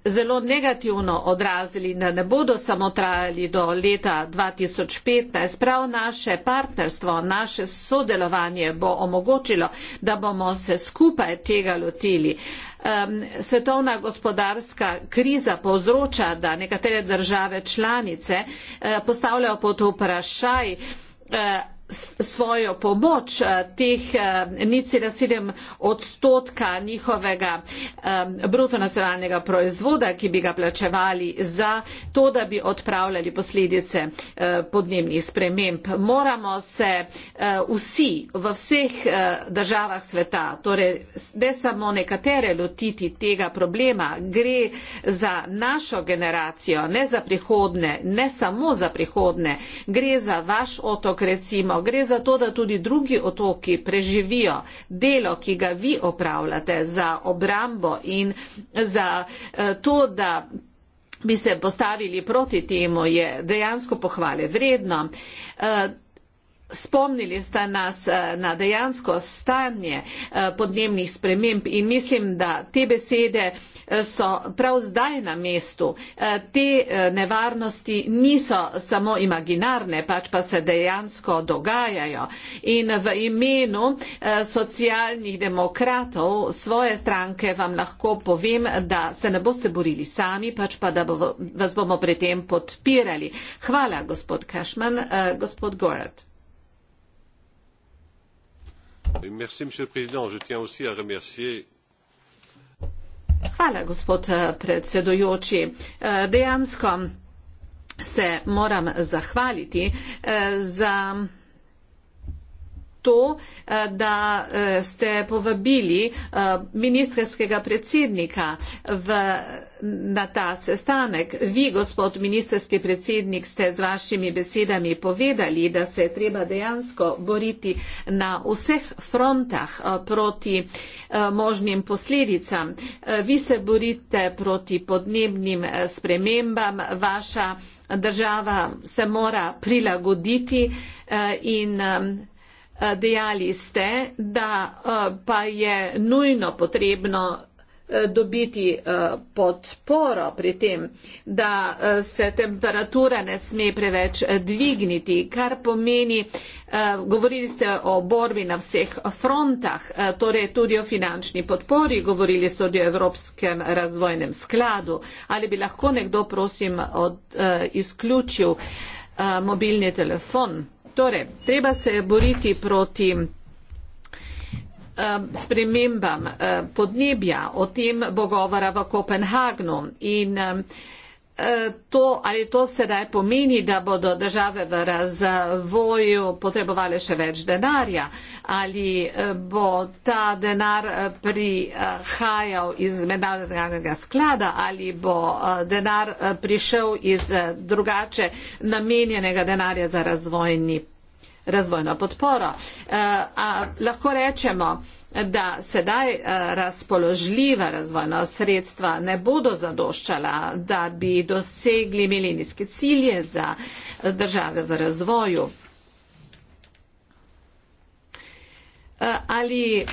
zelo negativno odrazili, da ne bodo samo trajali do leta 2015. Prav naše partnerstvo, naše sodelovanje bo omogočilo, da bomo se skupaj tega lotili. Svetovna gospodarska kriza povzroča, da nekatere države članice postavljajo pod vprašaj svojo pomoč eh, teh eh, nicela sedem odstotka njihovega bruto nacionalnega proizvoda, ki bi ga plačevali za to, da bi odpravljali posledice eh, podnebnih sprememb. Moramo se vsi v vseh državah sveta, torej ne samo nekatere, lotiti tega problema. Gre za našo generacijo, ne za prihodne, ne samo za prihodne. Gre za vaš otok, recimo, gre za to, da tudi drugi otoki preživijo delo, ki ga vi opravljate za obrambo in za eh, to, da bi se postavili proti temu, je dejansko pohvale vredno. Eh, Spomnili ste nas eh, na dejansko stanje eh, podnebnih sprememb in mislim, da te besede eh, so prav zdaj na mestu. Te nevarnosti niso samo imaginarne, pač pa se dejansko dogajajo. In v imenu socialnih demokratov svoje stranke vam lahko povem, da se ne boste borili sami, pač pa da vas bomo pri tem podpirali. Hvala, gospod Kašman. Gospod Gorat. Monsieur le Président, je tiens aussi à remercier Hvala, gospod eh, predsedujoči. Eh, dejansko se moram zahvaliti eh, za to, eh, da eh, ste povabili eh, ministerskega predsednika v, na ta sestanek. Vi, gospod ministerski predsednik, ste z vašimi besedami povedali, da se je treba dejansko boriti na vseh frontah proti možnim posledicam. Vi se borite proti podnebnim spremembam, vaša država se mora prilagoditi in Eh, dejali ste, da eh, pa je nujno potrebno eh, dobiti podporo pri tem, da se temperatura ne sme preveč dvigniti, kar pomeni, govorili ste o borbi na vseh frontah, torej tudi o finančni podpori, govorili ste tudi o Evropskem razvojnem skladu. Ali bi lahko nekdo, prosim, od, izključil mobilni telefon? Torej, treba se boriti proti eh, spremembam eh, podnebja, o tem bo govora v Kopenhagnu in um, to, ali to sedaj pomeni, da bodo države v razvoju potrebovali še več denarja, ali eh, bo ta denar eh, prihajal iz mednarodnega sklada, ali bo eh, denar prišel iz drugače namenjenega denarja za razvojni, razvojno podporo. A, lahko rečemo, da sedaj eh, razpoložljiva razvojna sredstva ne bodo zadoščala, da bi dosegli milenijske cilje za države v razvoju. Eh, ali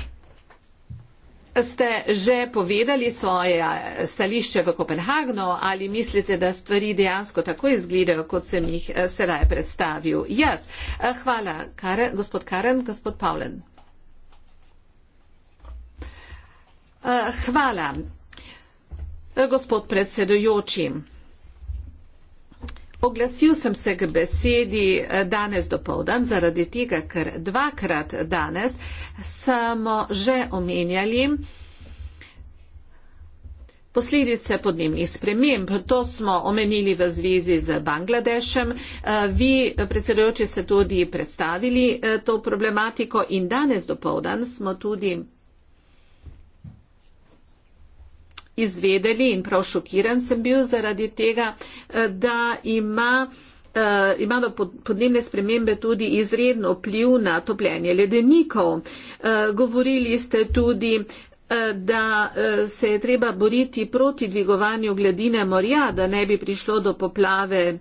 ste že povedali svoje eh, stališče v Kopenhagnu ali mislite, da stvari dejansko tako izgledajo, kot sem jih sedaj predstavil? Jaz. Yes. Hvala, Karen, gospod Karen, gospod Pavlen. Eh, hvala, eh, gospod predsedujoči. Oglasil sem se k besedi eh, danes do povdan, zaradi tega, ker dvakrat danes smo že omenjali posledice podnebnih sprememb. To smo omenili v zvezi z Bangladešem. Vi, predsedujoči, ste tudi predstavili to problematiko in danes do povdan smo tudi izvedeli in prav šokiran sem bil zaradi tega, eh, da ima eh, imajo podnebne spremembe tudi izredno vpliv na topljenje ledenikov. Eh, govorili ste tudi, da se je treba boriti proti dvigovanju gladine morja, da ne bi prišlo do poplave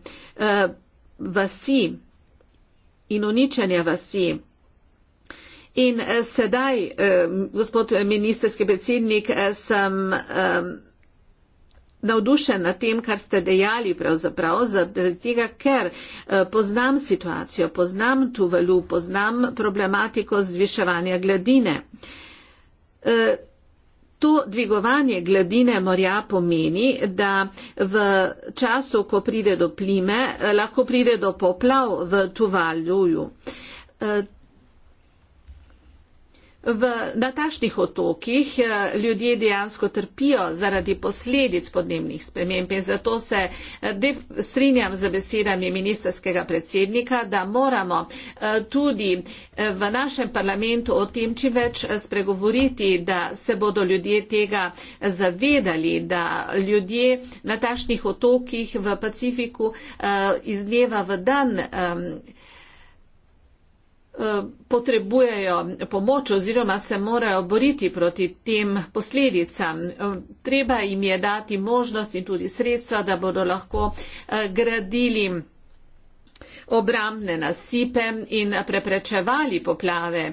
vasi in uničenja vasi. In eh, sedaj, eh, gospod ministerski predsednik, eh, sem navdušen nad tem, kar ste dejali pravzaprav, zaradi tega, ker poznam situacijo, poznam Tuvalu, poznam problematiko zviševanja gladine. To dvigovanje gladine morja pomeni, da v času, ko pride do plime, lahko pride do poplav v Tuvaluju. V, na takšnih otokih eh, ljudje dejansko trpijo zaradi posledic podnebnih sprememb in zato se eh, def, strinjam z besedami ministerskega predsednika, da moramo eh, tudi v našem parlamentu o tem čim več spregovoriti, da se bodo ljudje tega zavedali, da ljudje na takšnih otokih v Pacifiku iz dneva v dan potrebujejo pomoč oziroma se morajo boriti proti tem posledicam. Treba jim je dati možnost in tudi sredstva, da bodo lahko eh, gradili obramne nasipe in preprečevali poplave.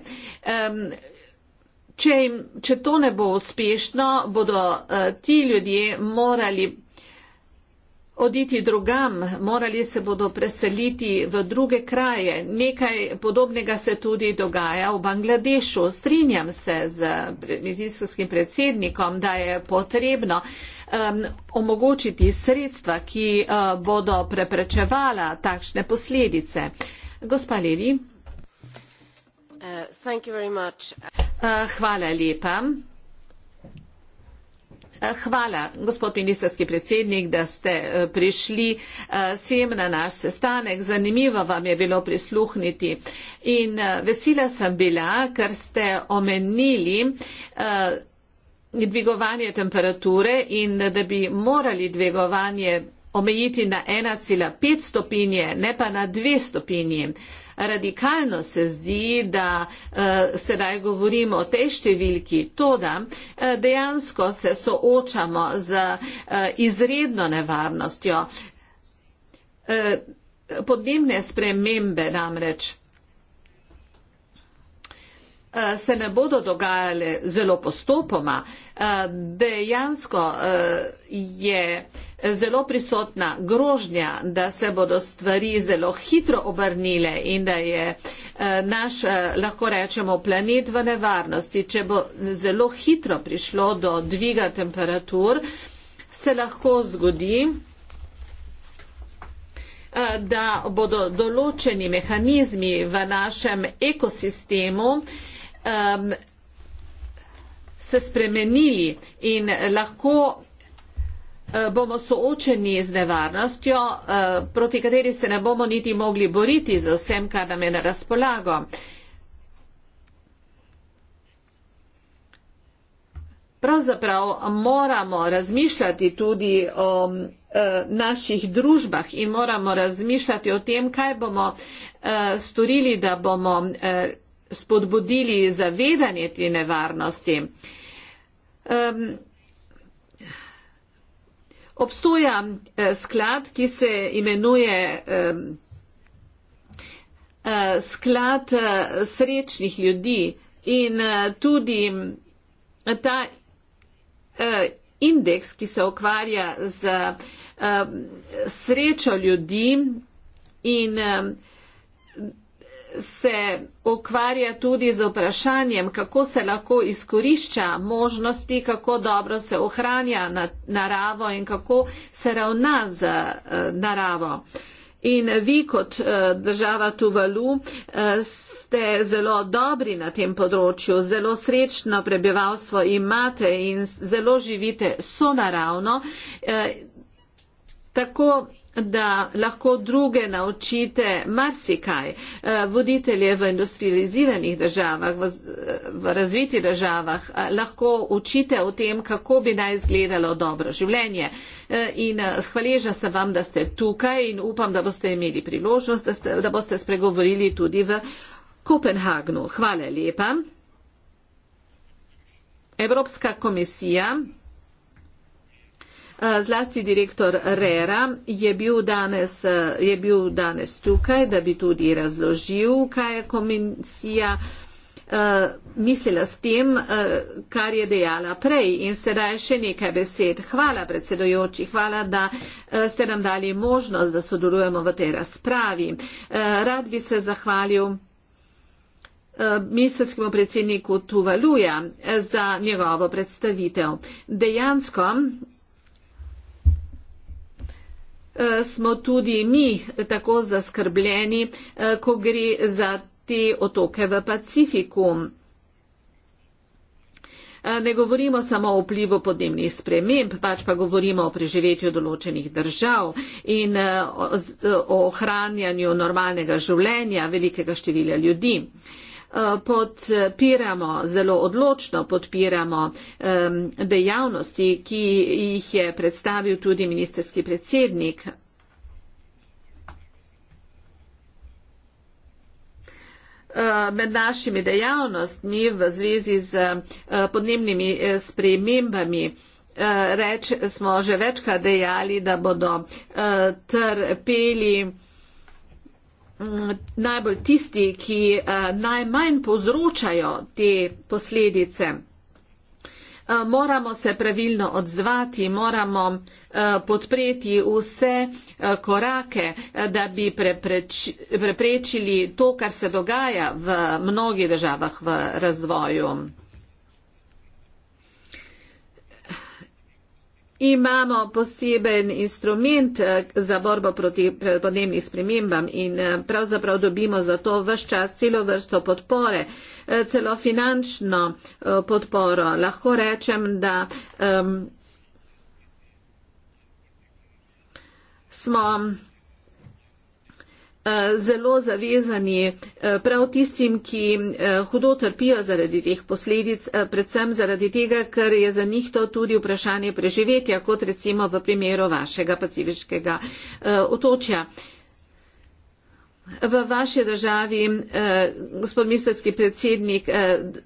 Če, jim, če to ne bo uspešno, bodo eh, ti ljudje morali oditi drugam, morali se bodo preseliti v druge kraje. Nekaj podobnega se tudi dogaja v Bangladešu. Strinjam se z medicinskim predsednikom, da je potrebno um, omogočiti sredstva, ki uh, bodo preprečevala takšne posledice. Gospa Levi. Uh, uh, hvala lepa. Hvala, gospod ministerski predsednik, da ste eh, prišli eh, sem na naš sestanek. Zanimivo vam je bilo prisluhniti in eh, vesela sem bila, ker ste omenili dvigovanje temperature in da bi morali dvigovanje omejiti na 1,5 stopinje, ne pa na 2 stopinje radikalno se zdi, da uh, sedaj govorimo o tej številki, toda uh, dejansko se soočamo z uh, izredno nevarnostjo. Uh, podnebne spremembe namreč. Eh, se ne bodo dogajale zelo postopoma. Eh, dejansko eh, je zelo prisotna grožnja, da se bodo stvari zelo hitro obrnile in da je naš, lahko rečemo, planet v nevarnosti. Če bo zelo hitro prišlo do dviga temperatur, se lahko zgodi da bodo določeni mehanizmi v našem ekosistemu eh, um, se spremenili in lahko eh, bomo soočeni z nevarnostjo, eh, proti kateri se ne bomo niti mogli boriti z vsem, kar nam je na razpolago. Pravzaprav moramo razmišljati tudi o eh, naših družbah in moramo razmišljati o tem, kaj bomo storili, da bomo spodbudili zavedanje te nevarnosti. Um, obstoja eh, sklad, ki se imenuje eh, eh, sklad eh, srečnih ljudi in eh, tudi eh, ta eh, indeks, ki se ukvarja z eh, srečo ljudi in eh, se ukvarja tudi z vprašanjem, kako se lahko izkorišča možnosti, kako dobro se ohranja naravo in kako se ravna z eh, naravo. In vi kot eh, država Tuvalu eh, ste zelo dobri na tem področju, zelo srečno prebivalstvo imate in zelo živite sonaravno. Tako da lahko druge naučite marsikaj. Eh, voditelje v industrializiranih državah, v, v razviti državah eh, lahko učite o tem, kako bi naj izgledalo dobro življenje. Eh, in hvaležna sem vam, da ste tukaj in upam, da boste imeli priložnost, da, ste, da boste spregovorili tudi v Kopenhagnu. Hvala lepa. Evropska komisija. Eh, zlasti direktor Rera je bil, danes, eh, je bil danes tukaj, da bi tudi razložil, kaj je komisija eh, mislila s tem, kar je dejala prej. In sedaj še nekaj besed. Hvala, predsedojoči, hvala, da ste nam dali možnost, da sodelujemo v tej razpravi. Rad bi se zahvalil ministrskemu predsedniku Tuvaluja za njegovo predstavitev. Dejansko Eh, smo tudi mi tako zaskrbljeni, eh, ko gre za te otoke v Pacifiku. Eh, ne govorimo samo o vplivu podnebnih sprememb, pač pa govorimo o preživetju določenih držav in o ohranjanju normalnega življenja velikega števila ljudi. Eh, podpiramo, zelo odločno podpiramo dejavnosti, ki jih je predstavil tudi ministerski predsednik. Eh, med našimi dejavnostmi v zvezi z eh, podnebnimi spremembami reč smo že večkrat dejali, da bodo trpeli Mm, najbolj tisti, ki eh, najmanj povzročajo te posledice. Eh, moramo se pravilno odzvati, moramo eh, podpreti vse korake, da bi preprečili to, kar se dogaja v mnogih državah v razvoju. imamo poseben instrument eh, za borbo proti eh, podnebnim spremembam in eh, pravzaprav dobimo za to vse čas celo vrsto podpore, celo finančno podporo. Lahko rečem, da um, smo Eh, zelo zavezani eh, prav tistim, ki eh, hudo trpijo zaradi teh posledic, predvsem zaradi tega, ker je za njih to tudi vprašanje preživetja, kot recimo v primeru vašega pacifiškega otočja. V vaši državi, gospod ministrski predsednik,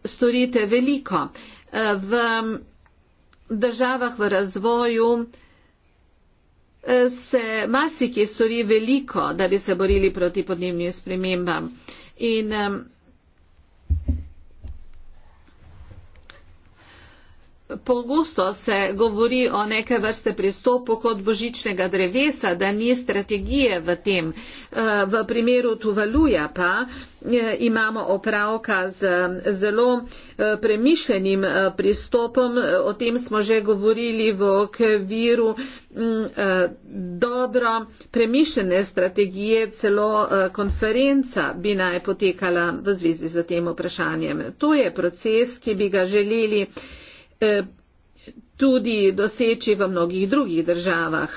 storite veliko. V državah v razvoju se marsikje stori veliko, da bi se borili proti podnebnim spremembam. In um, Pogosto se govori o neke vrste pristopu kot božičnega drevesa, da ni strategije v tem. Eh, v primeru Tuvaluja pa eh, imamo opravka z zelo eh, premišljenim pristopom. O tem smo že govorili v okviru mm, dobro premišljene strategije, celo konferenca bi naj potekala v zvezi z tem vprašanjem. To je proces, ki bi ga želeli Eh, tudi doseči v mnogih drugih državah.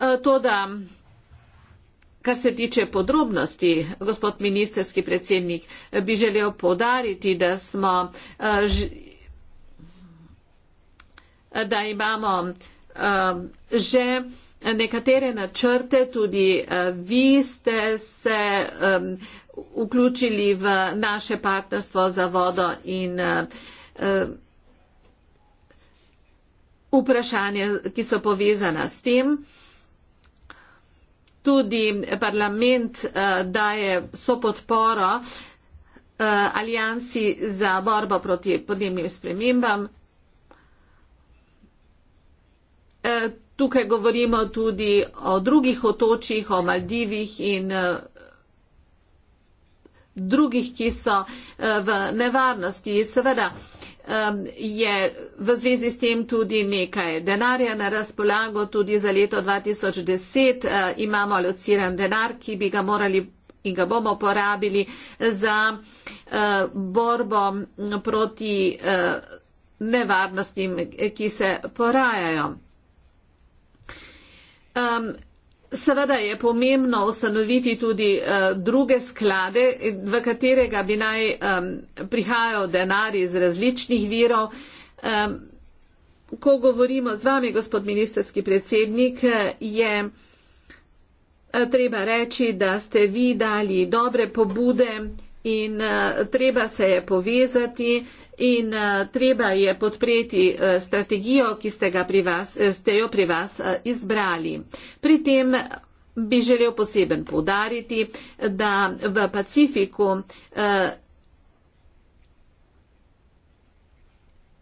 Eh, toda, kar se tiče podrobnosti, gospod ministerski predsednik, eh, bi želel podariti, da smo, da imamo že nekatere načrte, tudi vi ste se vključili v naše partnerstvo za vodo in eh, eh, vprašanje, ki so povezana s tem. Tudi parlament eh, daje so podporo alijansi za borbo proti podnebnim spremembam. Tukaj govorimo tudi o drugih otočjih, o Maldivih in drugih, ki so eh, v nevarnosti. Seveda je v zvezi s tem tudi nekaj denarja na razpolago, tudi za leto 2010 eh, imamo alociran denar, ki bi ga morali in ga bomo porabili za eh, borbo proti nevarnostim, ki se porajajo. Seveda je pomembno ustanoviti tudi uh, druge sklade, v katerega bi naj um, prihajal denar iz različnih virov. Um, ko govorimo z vami, gospod ministerski predsednik, je eh, treba reči, da ste vi dali dobre pobude in uh, treba se je povezati. Uh, in uh, treba je podpreti uh, strategijo, ki ste, pri vas, eh, ste jo pri vas uh, izbrali. Pri tem bi želel poseben povdariti, da v Pacifiku uh,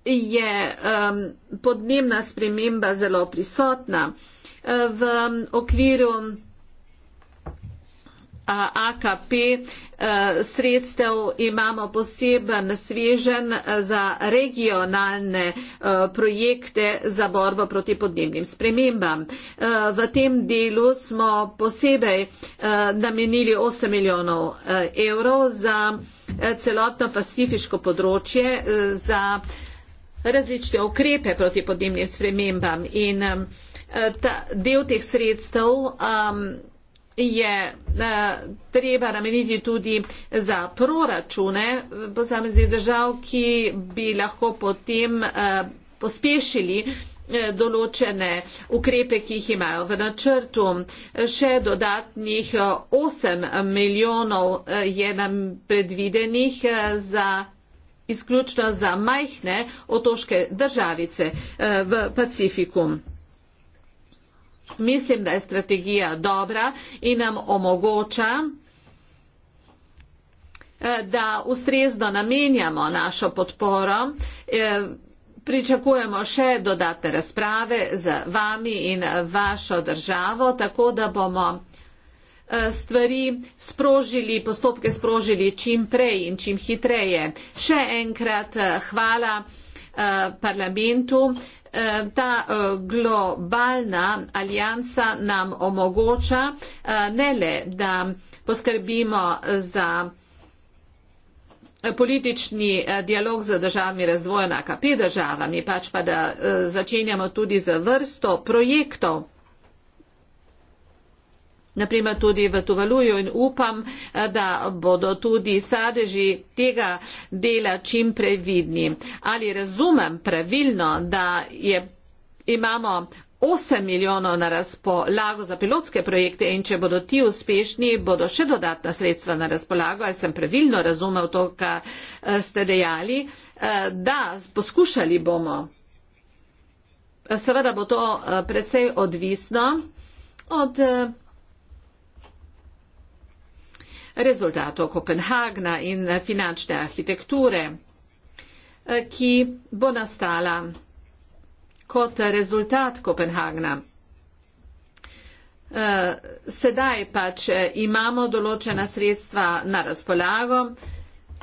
je um, podnebna sprememba zelo prisotna. V okviru AKP eh, sredstev imamo poseben svežen eh, za regionalne eh, projekte za borbo proti podnebnim spremembam. V tem delu smo posebej namenili 8 milijonov evrov za celotno pacifiško področje za različne ukrepe proti podnebnim spremembam in ta, del teh sredstev um, je eh, treba nameniti tudi za proračune posameznih držav, ki bi lahko potem eh, pospešili eh, določene ukrepe, ki jih imajo v načrtu. Še dodatnih 8 milijonov je nam predvidenih za izključno za majhne otoške državice v Pacifiku. Mislim, da je strategija dobra in nam omogoča, eh, da ustrezno namenjamo našo podporo. Eh, pričakujemo še dodatne razprave z vami in vašo državo, tako da bomo eh, stvari sprožili, postopke sprožili čim prej in čim hitreje. Še enkrat hvala parlamentu Eh, ta eh, globalna alijansa nam omogoča eh, ne le, da poskrbimo za politični dialog z državami razvoja na KP državami, pač pa da začenjamo tudi z vrsto projektov naprimer tudi v Tuvaluju in upam, da bodo tudi sadeži tega dela čim prej vidni. Ali razumem pravilno, da je, imamo 8 milijonov na razpolago za pilotske projekte in če bodo ti uspešni, bodo še dodatna sredstva na razpolago, ali sem pravilno razumel to, kar eh, ste dejali, eh, da poskušali bomo. Seveda bo to eh, precej odvisno od rezultatov Kopenhagna in eh, finančne arhitekture, eh, ki bo nastala kot rezultat Kopenhagna. Eh, sedaj pač imamo določena sredstva na razpolago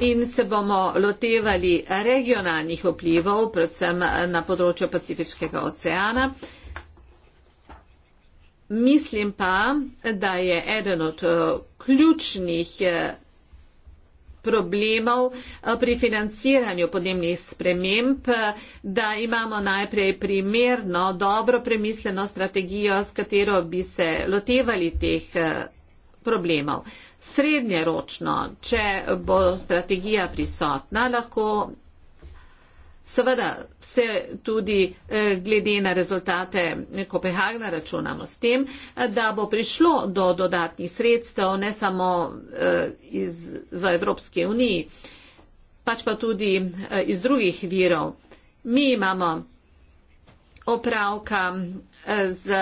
in se bomo lotevali regionalnih vplivov, predvsem na področju Pacifiškega oceana. Mislim pa, da je eden od eh, ključnih eh, problemov eh, pri financiranju podnebnih sprememb, da imamo najprej primerno, dobro premisleno strategijo, s katero bi se lotevali teh problemov. Srednjeročno, če bo strategija prisotna, lahko Seveda se tudi eh, glede na rezultate Kopenhagna računamo s tem, eh, da bo prišlo do dodatnih sredstev ne samo eh, iz, v Evropske uniji, pač pa tudi iz drugih virov. Mi imamo opravka z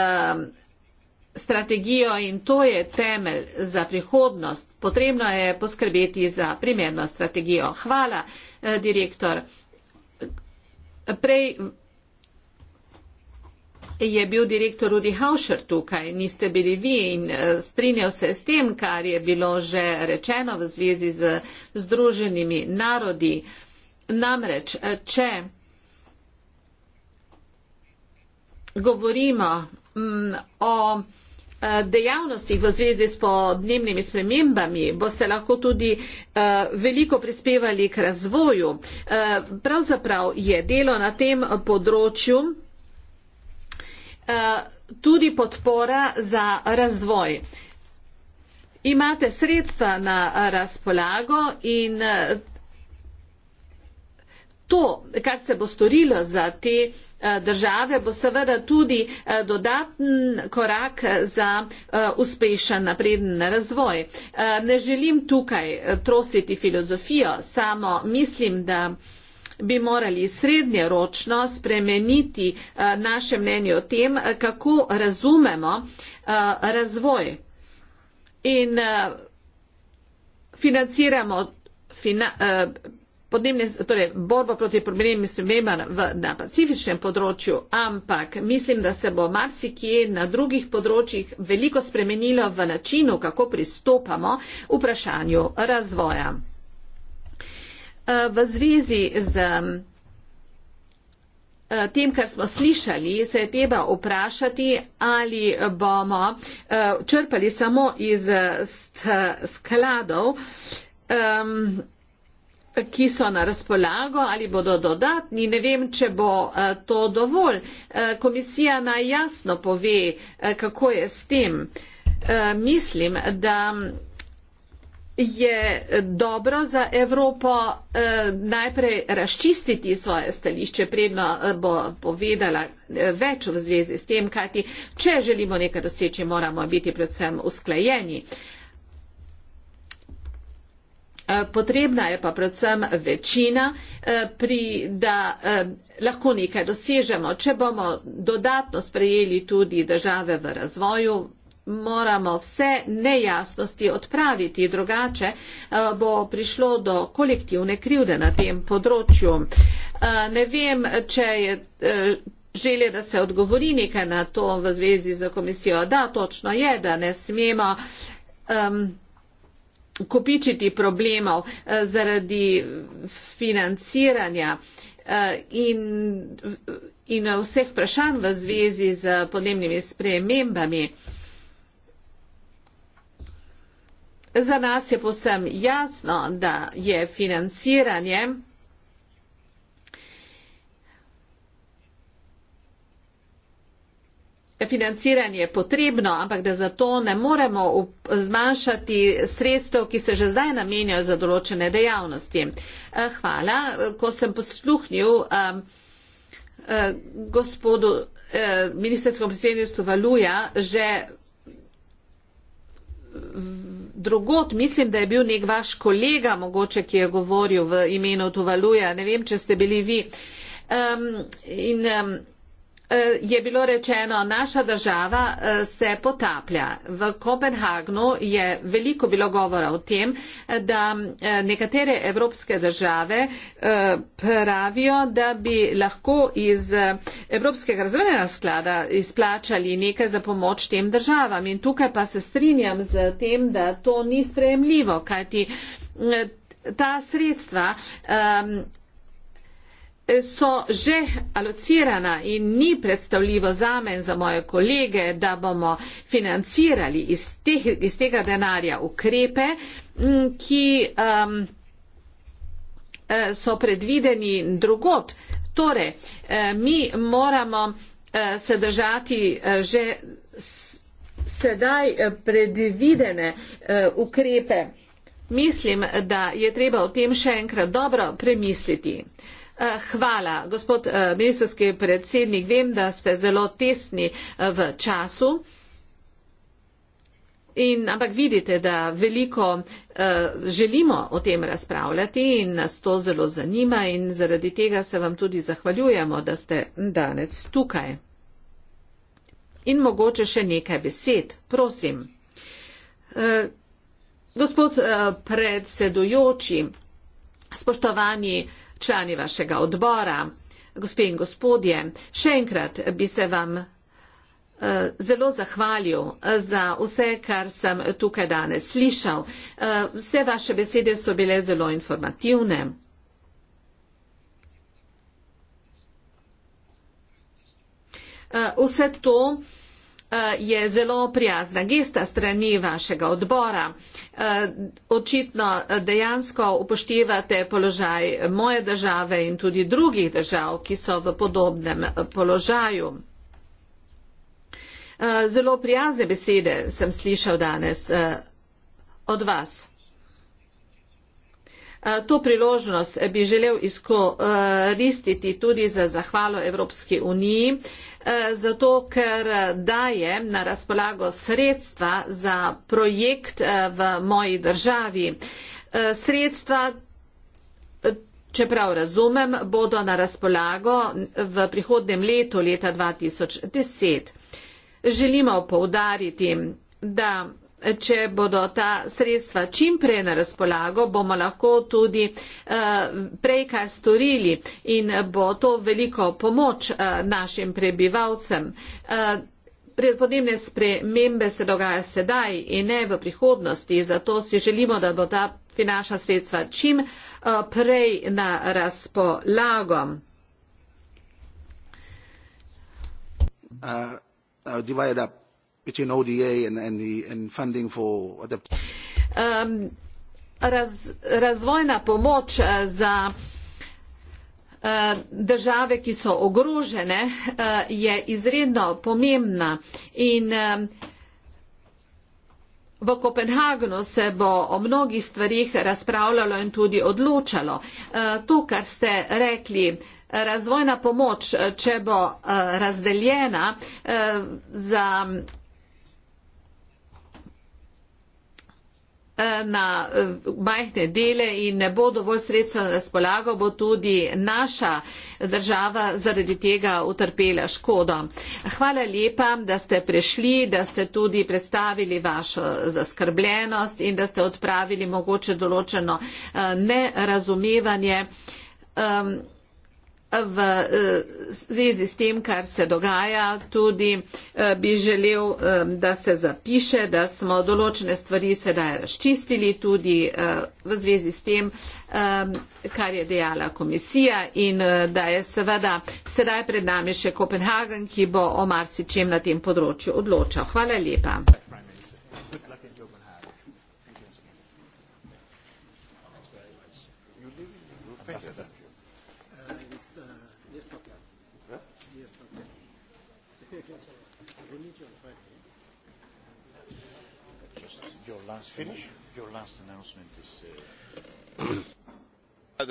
strategijo in to je temelj za prihodnost. Potrebno je poskrbeti za primerno strategijo. Hvala, direktor. Prej je bil direktor Rudi Hauser tukaj, niste bili vi in eh, strinjal se s tem, kar je bilo že rečeno v zvezi z združenimi narodi. Namreč, eh, če govorimo mm, o Eh, dejavnosti v zvezi s podnebnimi spremembami boste lahko tudi eh, veliko prispevali k razvoju. Eh, pravzaprav je delo na tem področju tudi podpora za razvoj. Imate sredstva na razpolago in to, kar se bo storilo za te eh, države, bo seveda tudi eh, dodaten korak za eh, uspešen napreden razvoj. Ne želim tukaj trositi filozofijo, samo mislim, da bi morali srednjeročno spremeniti naše mnenje o tem, kako razumemo razvoj. In financiramo fina, podnebne, torej borbo proti problemi s premembami na pacifičnem področju, ampak mislim, da se bo marsikje na drugih področjih veliko spremenilo v načinu, kako pristopamo vprašanju razvoja. Eh, v zvezi z eh, tem, kar smo slišali, se je treba vprašati, ali bomo eh, črpali samo iz skladov. Ehm, ki so na razpolago ali bodo dodatni. Ne vem, če bo eh, to dovolj. Eh, komisija naj jasno pove, eh, kako je s tem. Mislim, da je dobro za Evropo najprej raščistiti svoje stališče, predno bo povedala več v zvezi s tem, kajti če želimo nekaj doseči, moramo biti predvsem usklajeni. Eh, potrebna je pa predvsem večina, eh, pri, da eh, lahko nekaj dosežemo. Če bomo dodatno sprejeli tudi države v razvoju, moramo vse nejasnosti odpraviti, drugače bo prišlo do kolektivne krivde na tem področju. Ne vem, če je želje, da se odgovori nekaj na to v zvezi z komisijo. Da, točno je, da ne smemo. Um, kopičiti problemov eh, zaradi financiranja eh, in, in vseh vprašanj v zvezi z podnebnimi spremembami. Za nas je posem jasno, da je financiranje financiranje potrebno, ampak da zato ne moremo zmanjšati sredstev, ki se že zdaj namenjajo za določene dejavnosti. Eh, hvala. Ko sem posluhnil eh, gospodu eh, ministerskom predsedniku Valuja, že drugot, mislim, da je bil nek vaš kolega, mogoče, ki je govoril v imenu Tuvaluja, ne vem, če ste bili vi. Um, in um, Eh, je bilo rečeno, naša država eh, se potaplja. V Kopenhagnu je veliko bilo govora o tem, eh, da nekatere evropske države pravijo, da bi lahko iz Evropskega razvojnega sklada izplačali nekaj za pomoč tem državam. In tukaj pa se strinjam z tem, da to ni sprejemljivo, kajti. Ta sredstva um, so že alocirana in ni predstavljivo za me in za moje kolege, da bomo financirali iz, teh, iz tega denarja ukrepe, ki um, eh, so predvideni drugot. Torej, eh, mi moramo eh, se držati že sedaj predvidene ukrepe. Mislim, da je treba o tem še enkrat dobro premisliti. Eh, hvala, gospod eh, ministerski predsednik. Vem, da ste zelo tesni eh, v času. In, ampak vidite, da veliko uh, želimo o tem razpravljati in nas to zelo zanima in zaradi tega se vam tudi zahvaljujemo, da ste danes tukaj. In mogoče še nekaj besed, prosim. Uh, gospod uh, predsedujoči, spoštovani uh, člani vašega odbora, gospe in gospodje, še enkrat bi se vam eh, zelo zahvalil eh, za vse, kar sem tukaj danes slišal. Eh, vse vaše besede so bile zelo informativne. Vse to Eh, je zelo prijazna gesta strani vašega odbora. Eh, očitno eh, dejansko upoštevate položaj moje države in tudi drugih držav, ki so v podobnem položaju. Zelo prijazne besede sem slišal danes od vas. Eh, to priložnost bi želel izkoristiti tudi za zahvalo Evropski uniji, eh, zato ker daje na razpolago sredstva za projekt eh, v moji državi. Sredstva, čeprav razumem, bodo na razpolago v prihodnem letu, leta 2010. Želimo poudariti, da če bodo ta sredstva čim prej na razpolago, bomo lahko tudi eh, prej kaj storili in bo to veliko pomoč eh, našim prebivalcem. Eh, Predpodnebne spremembe se dogaja sedaj in ne v prihodnosti, zato si želimo, da bo ta finančna sredstva čim prej na razpolago. Uh, uh, between ODA and, and, the, and funding for adaptation? Um, raz, razvojna pomoč eh, za eh, države, ki so ogrožene, eh, je izredno pomembna in v Kopenhagnu se bo o mnogih stvarih razpravljalo in tudi odločalo. To, kar ste rekli, razvojna pomoč, če bo razdeljena za na eh, majhne dele in ne bo dovolj sredstva na razpolago, bo tudi naša država zaradi tega utrpela škodo. Hvala lepa, da ste prišli, da ste tudi predstavili vašo zaskrbljenost in da ste odpravili mogoče določeno eh, nerazumevanje. Um, v eh, zvezi s tem, kar se dogaja, tudi eh, bi želel, eh, da se zapiše, da smo določene stvari sedaj razčistili tudi v zvezi s tem, kar je dejala komisija in da je seveda sedaj pred nami še Kopenhagen, ki bo o marsičem na tem področju odločal. Hvala lepa. Right, just finish? Your last announcement is. Uh...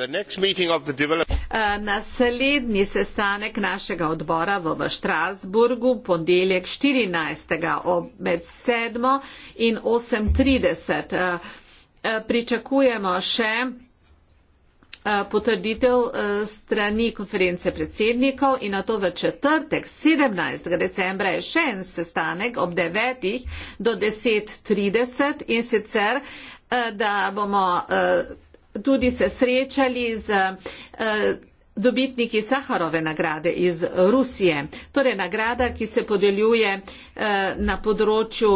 uh naslednji sestanek našega odbora v, v Štrasburgu, ponedeljek 14. Ob med 7 in 8.30. Uh, uh, pričakujemo še Eh, potrditev eh, strani konference predsednikov in na to v četrtek, 17. decembra, je še en sestanek ob 9. do 10.30 in sicer, eh, da bomo tudi se srečali z dobitniki Saharove nagrade iz Rusije. Torej nagrada, ki se podeljuje na področju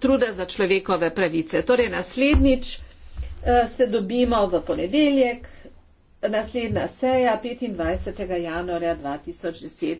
truda za človekove pravice. Torej naslednjič. Eh, se dobimo v ponedeljek, naslednja seja 25. januarja 2010.